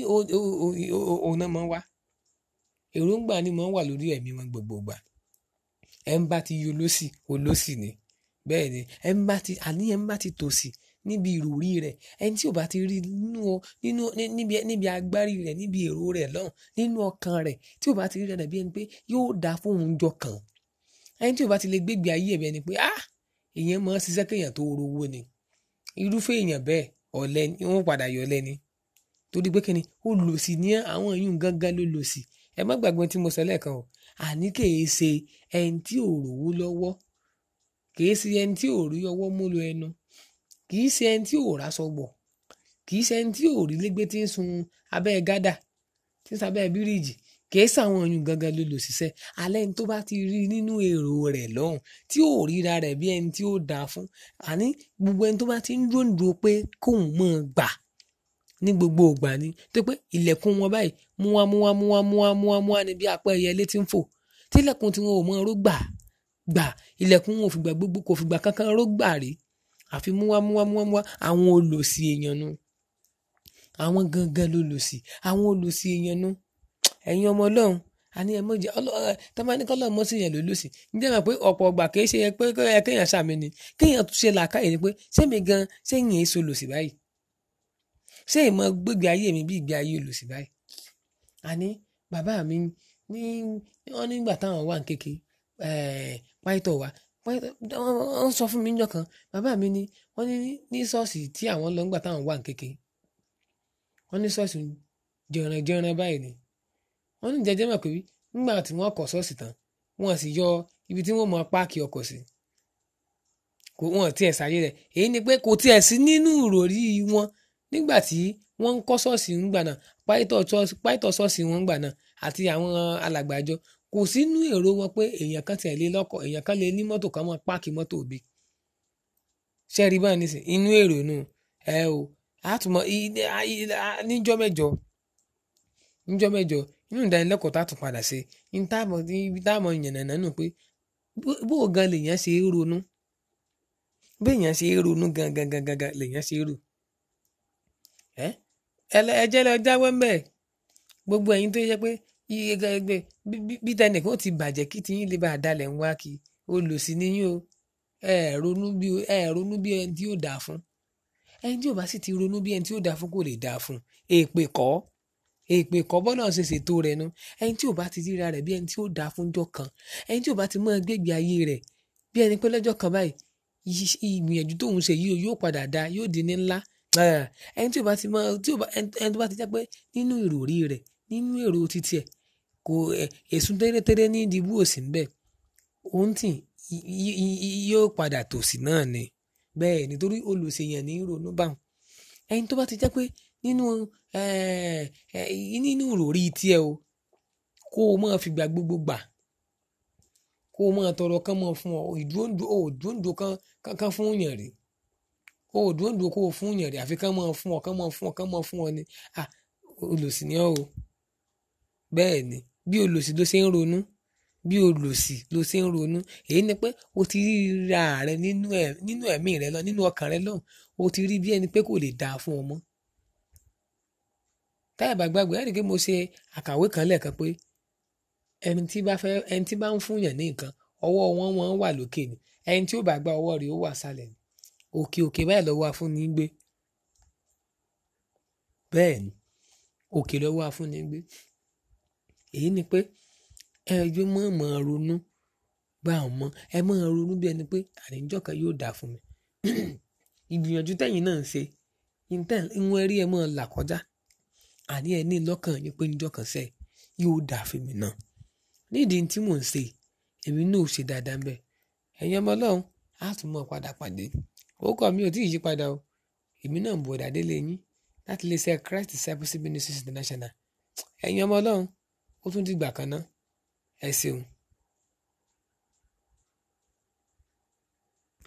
ọ̀nà mọ́ wá èròǹgbà ni mọ́ wà lórí ẹ̀mí wọn gbogbo gbà ẹ̀ bá ti yọ olóṣì olóṣì ni bẹ́ẹ̀ ni ẹ̀ bá ti àní bá ti tòṣì níbi ìròrí rẹ̀ ẹni tí ò bá ti rí nínú nínú níbi níbi agbárí rẹ̀ níbi èrò rẹ̀ lọ́hùn nínú ọkàn rẹ̀ tí ò bá ti rí rẹ̀ bí ẹni pé yóò dáa fóun jọ kàn ẹni tí ò bá ti lè gbégbé ayé ẹ̀bẹ̀ ni pé ah èèyàn máa ń ṣiṣẹ́ kéèyàn tó rówó ni irúfẹ́ èèyàn bẹ́ẹ̀ ọ̀lẹ ni wọ́n padà yọ ọ̀lẹ ni torí pé kíni ó lò sí ní àwọn èèyàn gángan ló lò sí ẹ má gbàgbé tí mo sọ lẹ́ẹ̀kan o àní kèé ṣe ẹni tí ò rówó lọ́wọ́ kèé ṣe ẹni tí ò rí ọwọ́ mú lo ẹnu kì í ṣe ẹni tí ò ráṣọ wọ̀ kì í ṣe ẹni tí ò rí lẹ́gbẹ́ tí ń sun abẹ́ gádà tí ń sun abẹ́ bíríìjì kì í ṣàwọn ọyún gangan ló lò ṣiṣẹ́ alẹ́ ní tó bá ti rí nínú èrò rẹ̀ lọ́hùn tí ò ríra rẹ̀ bí ẹni tí ó dáa fún àní gbogbo ẹni tó bá ti ń dúró pé kóun mọ̀ gbà ní gbogbo ògbà ni tó pé ilẹ̀kùn wọn báyìí múwa múwa múwa múwa múwa múwa ni bí apá ẹyẹ létí ń fò tílẹ̀kùn tí wọn ò mọ ọrọ́ gbà gbà ilẹ̀kùn wọn ò fìgbà gbogbo kò fìgbà kankan ọrọ́ gbà rí àfi múwá múwá múwá múwá àwọn olòṣì èèyàn nu àwọn gangan lolòṣì àwọn olòṣì èèyàn nu ẹ̀yin ọmọ ọlọ́run àní ẹ mọ̀jẹ̀ tọ́mọ́nìkan lọ́ọ̀ mọ́ sí yẹn lólòṣì ǹjẹ́ mọ̀ pé ọ̀pọ̀ ọgbà kì í ṣe pé kéèyàn sàmì ni kéèyàn tún ṣe làákàyè ni pé sẹ́mi gan sẹ́yìn èso lòṣì báyìí ṣé ìmọ̀ gbégbé ayé mi bí ìgbé ayé olòṣì báyìí àní bàbá mi ní wọ́n nígbà táwọn wà ń kéke pàìtọ̀ wa wọ́n sọ fún mi níjọ́ kan bàbá mi ni wọ́n ní ní ṣọ́ọ̀ṣì tí àwọn lọ ń gbà táwọn wà kéke wọ́n ní ṣọ́ọ̀ṣì jẹranjẹran báyìí ni wọ́n ní jẹjẹ mọ̀ pé nígbà tí wọ́n kọ́ ṣọ́ọ̀ṣì tán wọ́n sì yọ ibi tí wọ́n mọ páàkì ọkọ̀ sí kò wọ́n tiẹ̀ sáyé rẹ̀ èyí ni pé kò tiẹ̀ sí nínú ìròrí wọn nígbà tí wọ́n ń kọ́ ṣọ́ọ̀ṣì ń gbà náà páìtọ̀ ṣọ́ọ̀ṣì wọn ń gbà náà àti àwọn alàgbàjọ kò sínú èrò wọn pé èèyàn kan tiẹ̀ lé lọ́kọ̀ èèyàn kan lè ní mọ́tò kan mọ́ páàkì mọ́tò bí ṣẹ́ẹ̀rí inú èrò nù ẹ o àtúmọ̀ níjọ́ mẹ́jọ níjọ́ mẹ́jọ inú ìdánilẹ́kọ̀ọ́ tá a tún padà ṣe ní táàmọ̀ yànnàná nù pé bó gan lèèyàn ṣe é ronú ṣe é ronú gbogbo ẹ̀yin tó gbẹgbẹ bí tẹnìkan ti bàjẹ́ kí tiyín lè bá dalẹ̀ ń wá kí o lò sí níyìn o ẹ ronú bí ẹ ronú bí ẹni tí yóò dáa fún ẹni tí yóò bá sì ti ronú bí ẹni tí yóò dáa fún kò lè dáa fún èpè kọ́ èpè kọ́ bọ́lá ṣe ṣètò rẹ̀ nu ẹni tí yóò bá ti ríra rẹ̀ bí ẹni tí yóò dáa fún jọ kan ẹni tí yóò bá ti mọ gbégbé ayé rẹ̀ bí ẹni pé lọ́jọ́ kan báyìí ìgbìyànjú tóun ṣe yìí yóò padà dáa yóò di ní ńlá ẹni tí yóò bá ti jẹ́ pé nínú ìròrí rẹ̀ nínú èrò títí ẹ̀ kò eh, èsùn térétéré ní ìdìbò òsì ńbẹ òun tì yóò padà tòsí náà ni bẹ́ẹ̀ nítorí olùsèyàn ní ronú báwọn ẹni tó bá ti jẹ́ pé nínú eh, eh, nínú ìròrí tiẹ̀ o kó o máa fìgbà gbogbo gbà kó o máa tọrọ kán máa fún ọ ìdúróǹdó kan kan fún yàn rí kó o kó o fún yàn rí àfi kán máa fún ọ kán máa fún ọ kán máa fún ọ ni olùsìn ni o bẹ́ẹ̀ ni bí olòṣì ló ṣe ń ronú bí olòṣì ló ṣe ń ronú èyí ni pé o ti rí ra rẹ nínú ẹ nínú ẹ̀mí rẹ lọ nínú ọkàn rẹ lọ́hùn o ti rí bí ẹni pé kò lè dáa fún ọmọ. táyà bá gbàgbé ẹ̀rí pé mo ṣe àkàwé kan lẹ́ẹ̀kan pé ẹni tí bá fẹ́ ẹni tí bá ń fún yàn ní nǹkan ọwọ́ wọn wọn wà lókè ni ẹni tí ó bá gba ọwọ́ rẹ̀ ó wà sálẹ̀ ni òkè òkè báyìí lọ́wọ́ afúnni gbé bẹ́ẹ̀ ni òkè lọ́wọ́ afúnni gbé èyí ni pé ẹ jọ mọ̀ mọ̀ ronú bá àwọn ọmọ ẹ mọ̀ ronú bí ẹni pé àníjọ́ kan yóò dà fún mi *clears throat* ìgbìyànjú tẹ̀yìn náà ń ṣe ìwọ̀n ẹrí ẹ mọ̀ là kọjá àní ẹ ní lọ́kàn yín pé níjọ́ kan sẹ́ẹ̀ yóò dà fún mi náà nídìí tí mò ń ṣe èmi náà ò ṣe dáadáa ń bẹ ẹ̀yin ọmọ ọlọ́run á tún mọ̀ padà pàdé orúkọ mi ò tí ì yí padà o èmi náà ń bọ̀ dádé lẹ́yìn láti lè ṣe Christ Disciples Ministries International ẹ̀yin ọmọ ọlọ́run ó tún dìgbà kan ná ẹ ṣeun.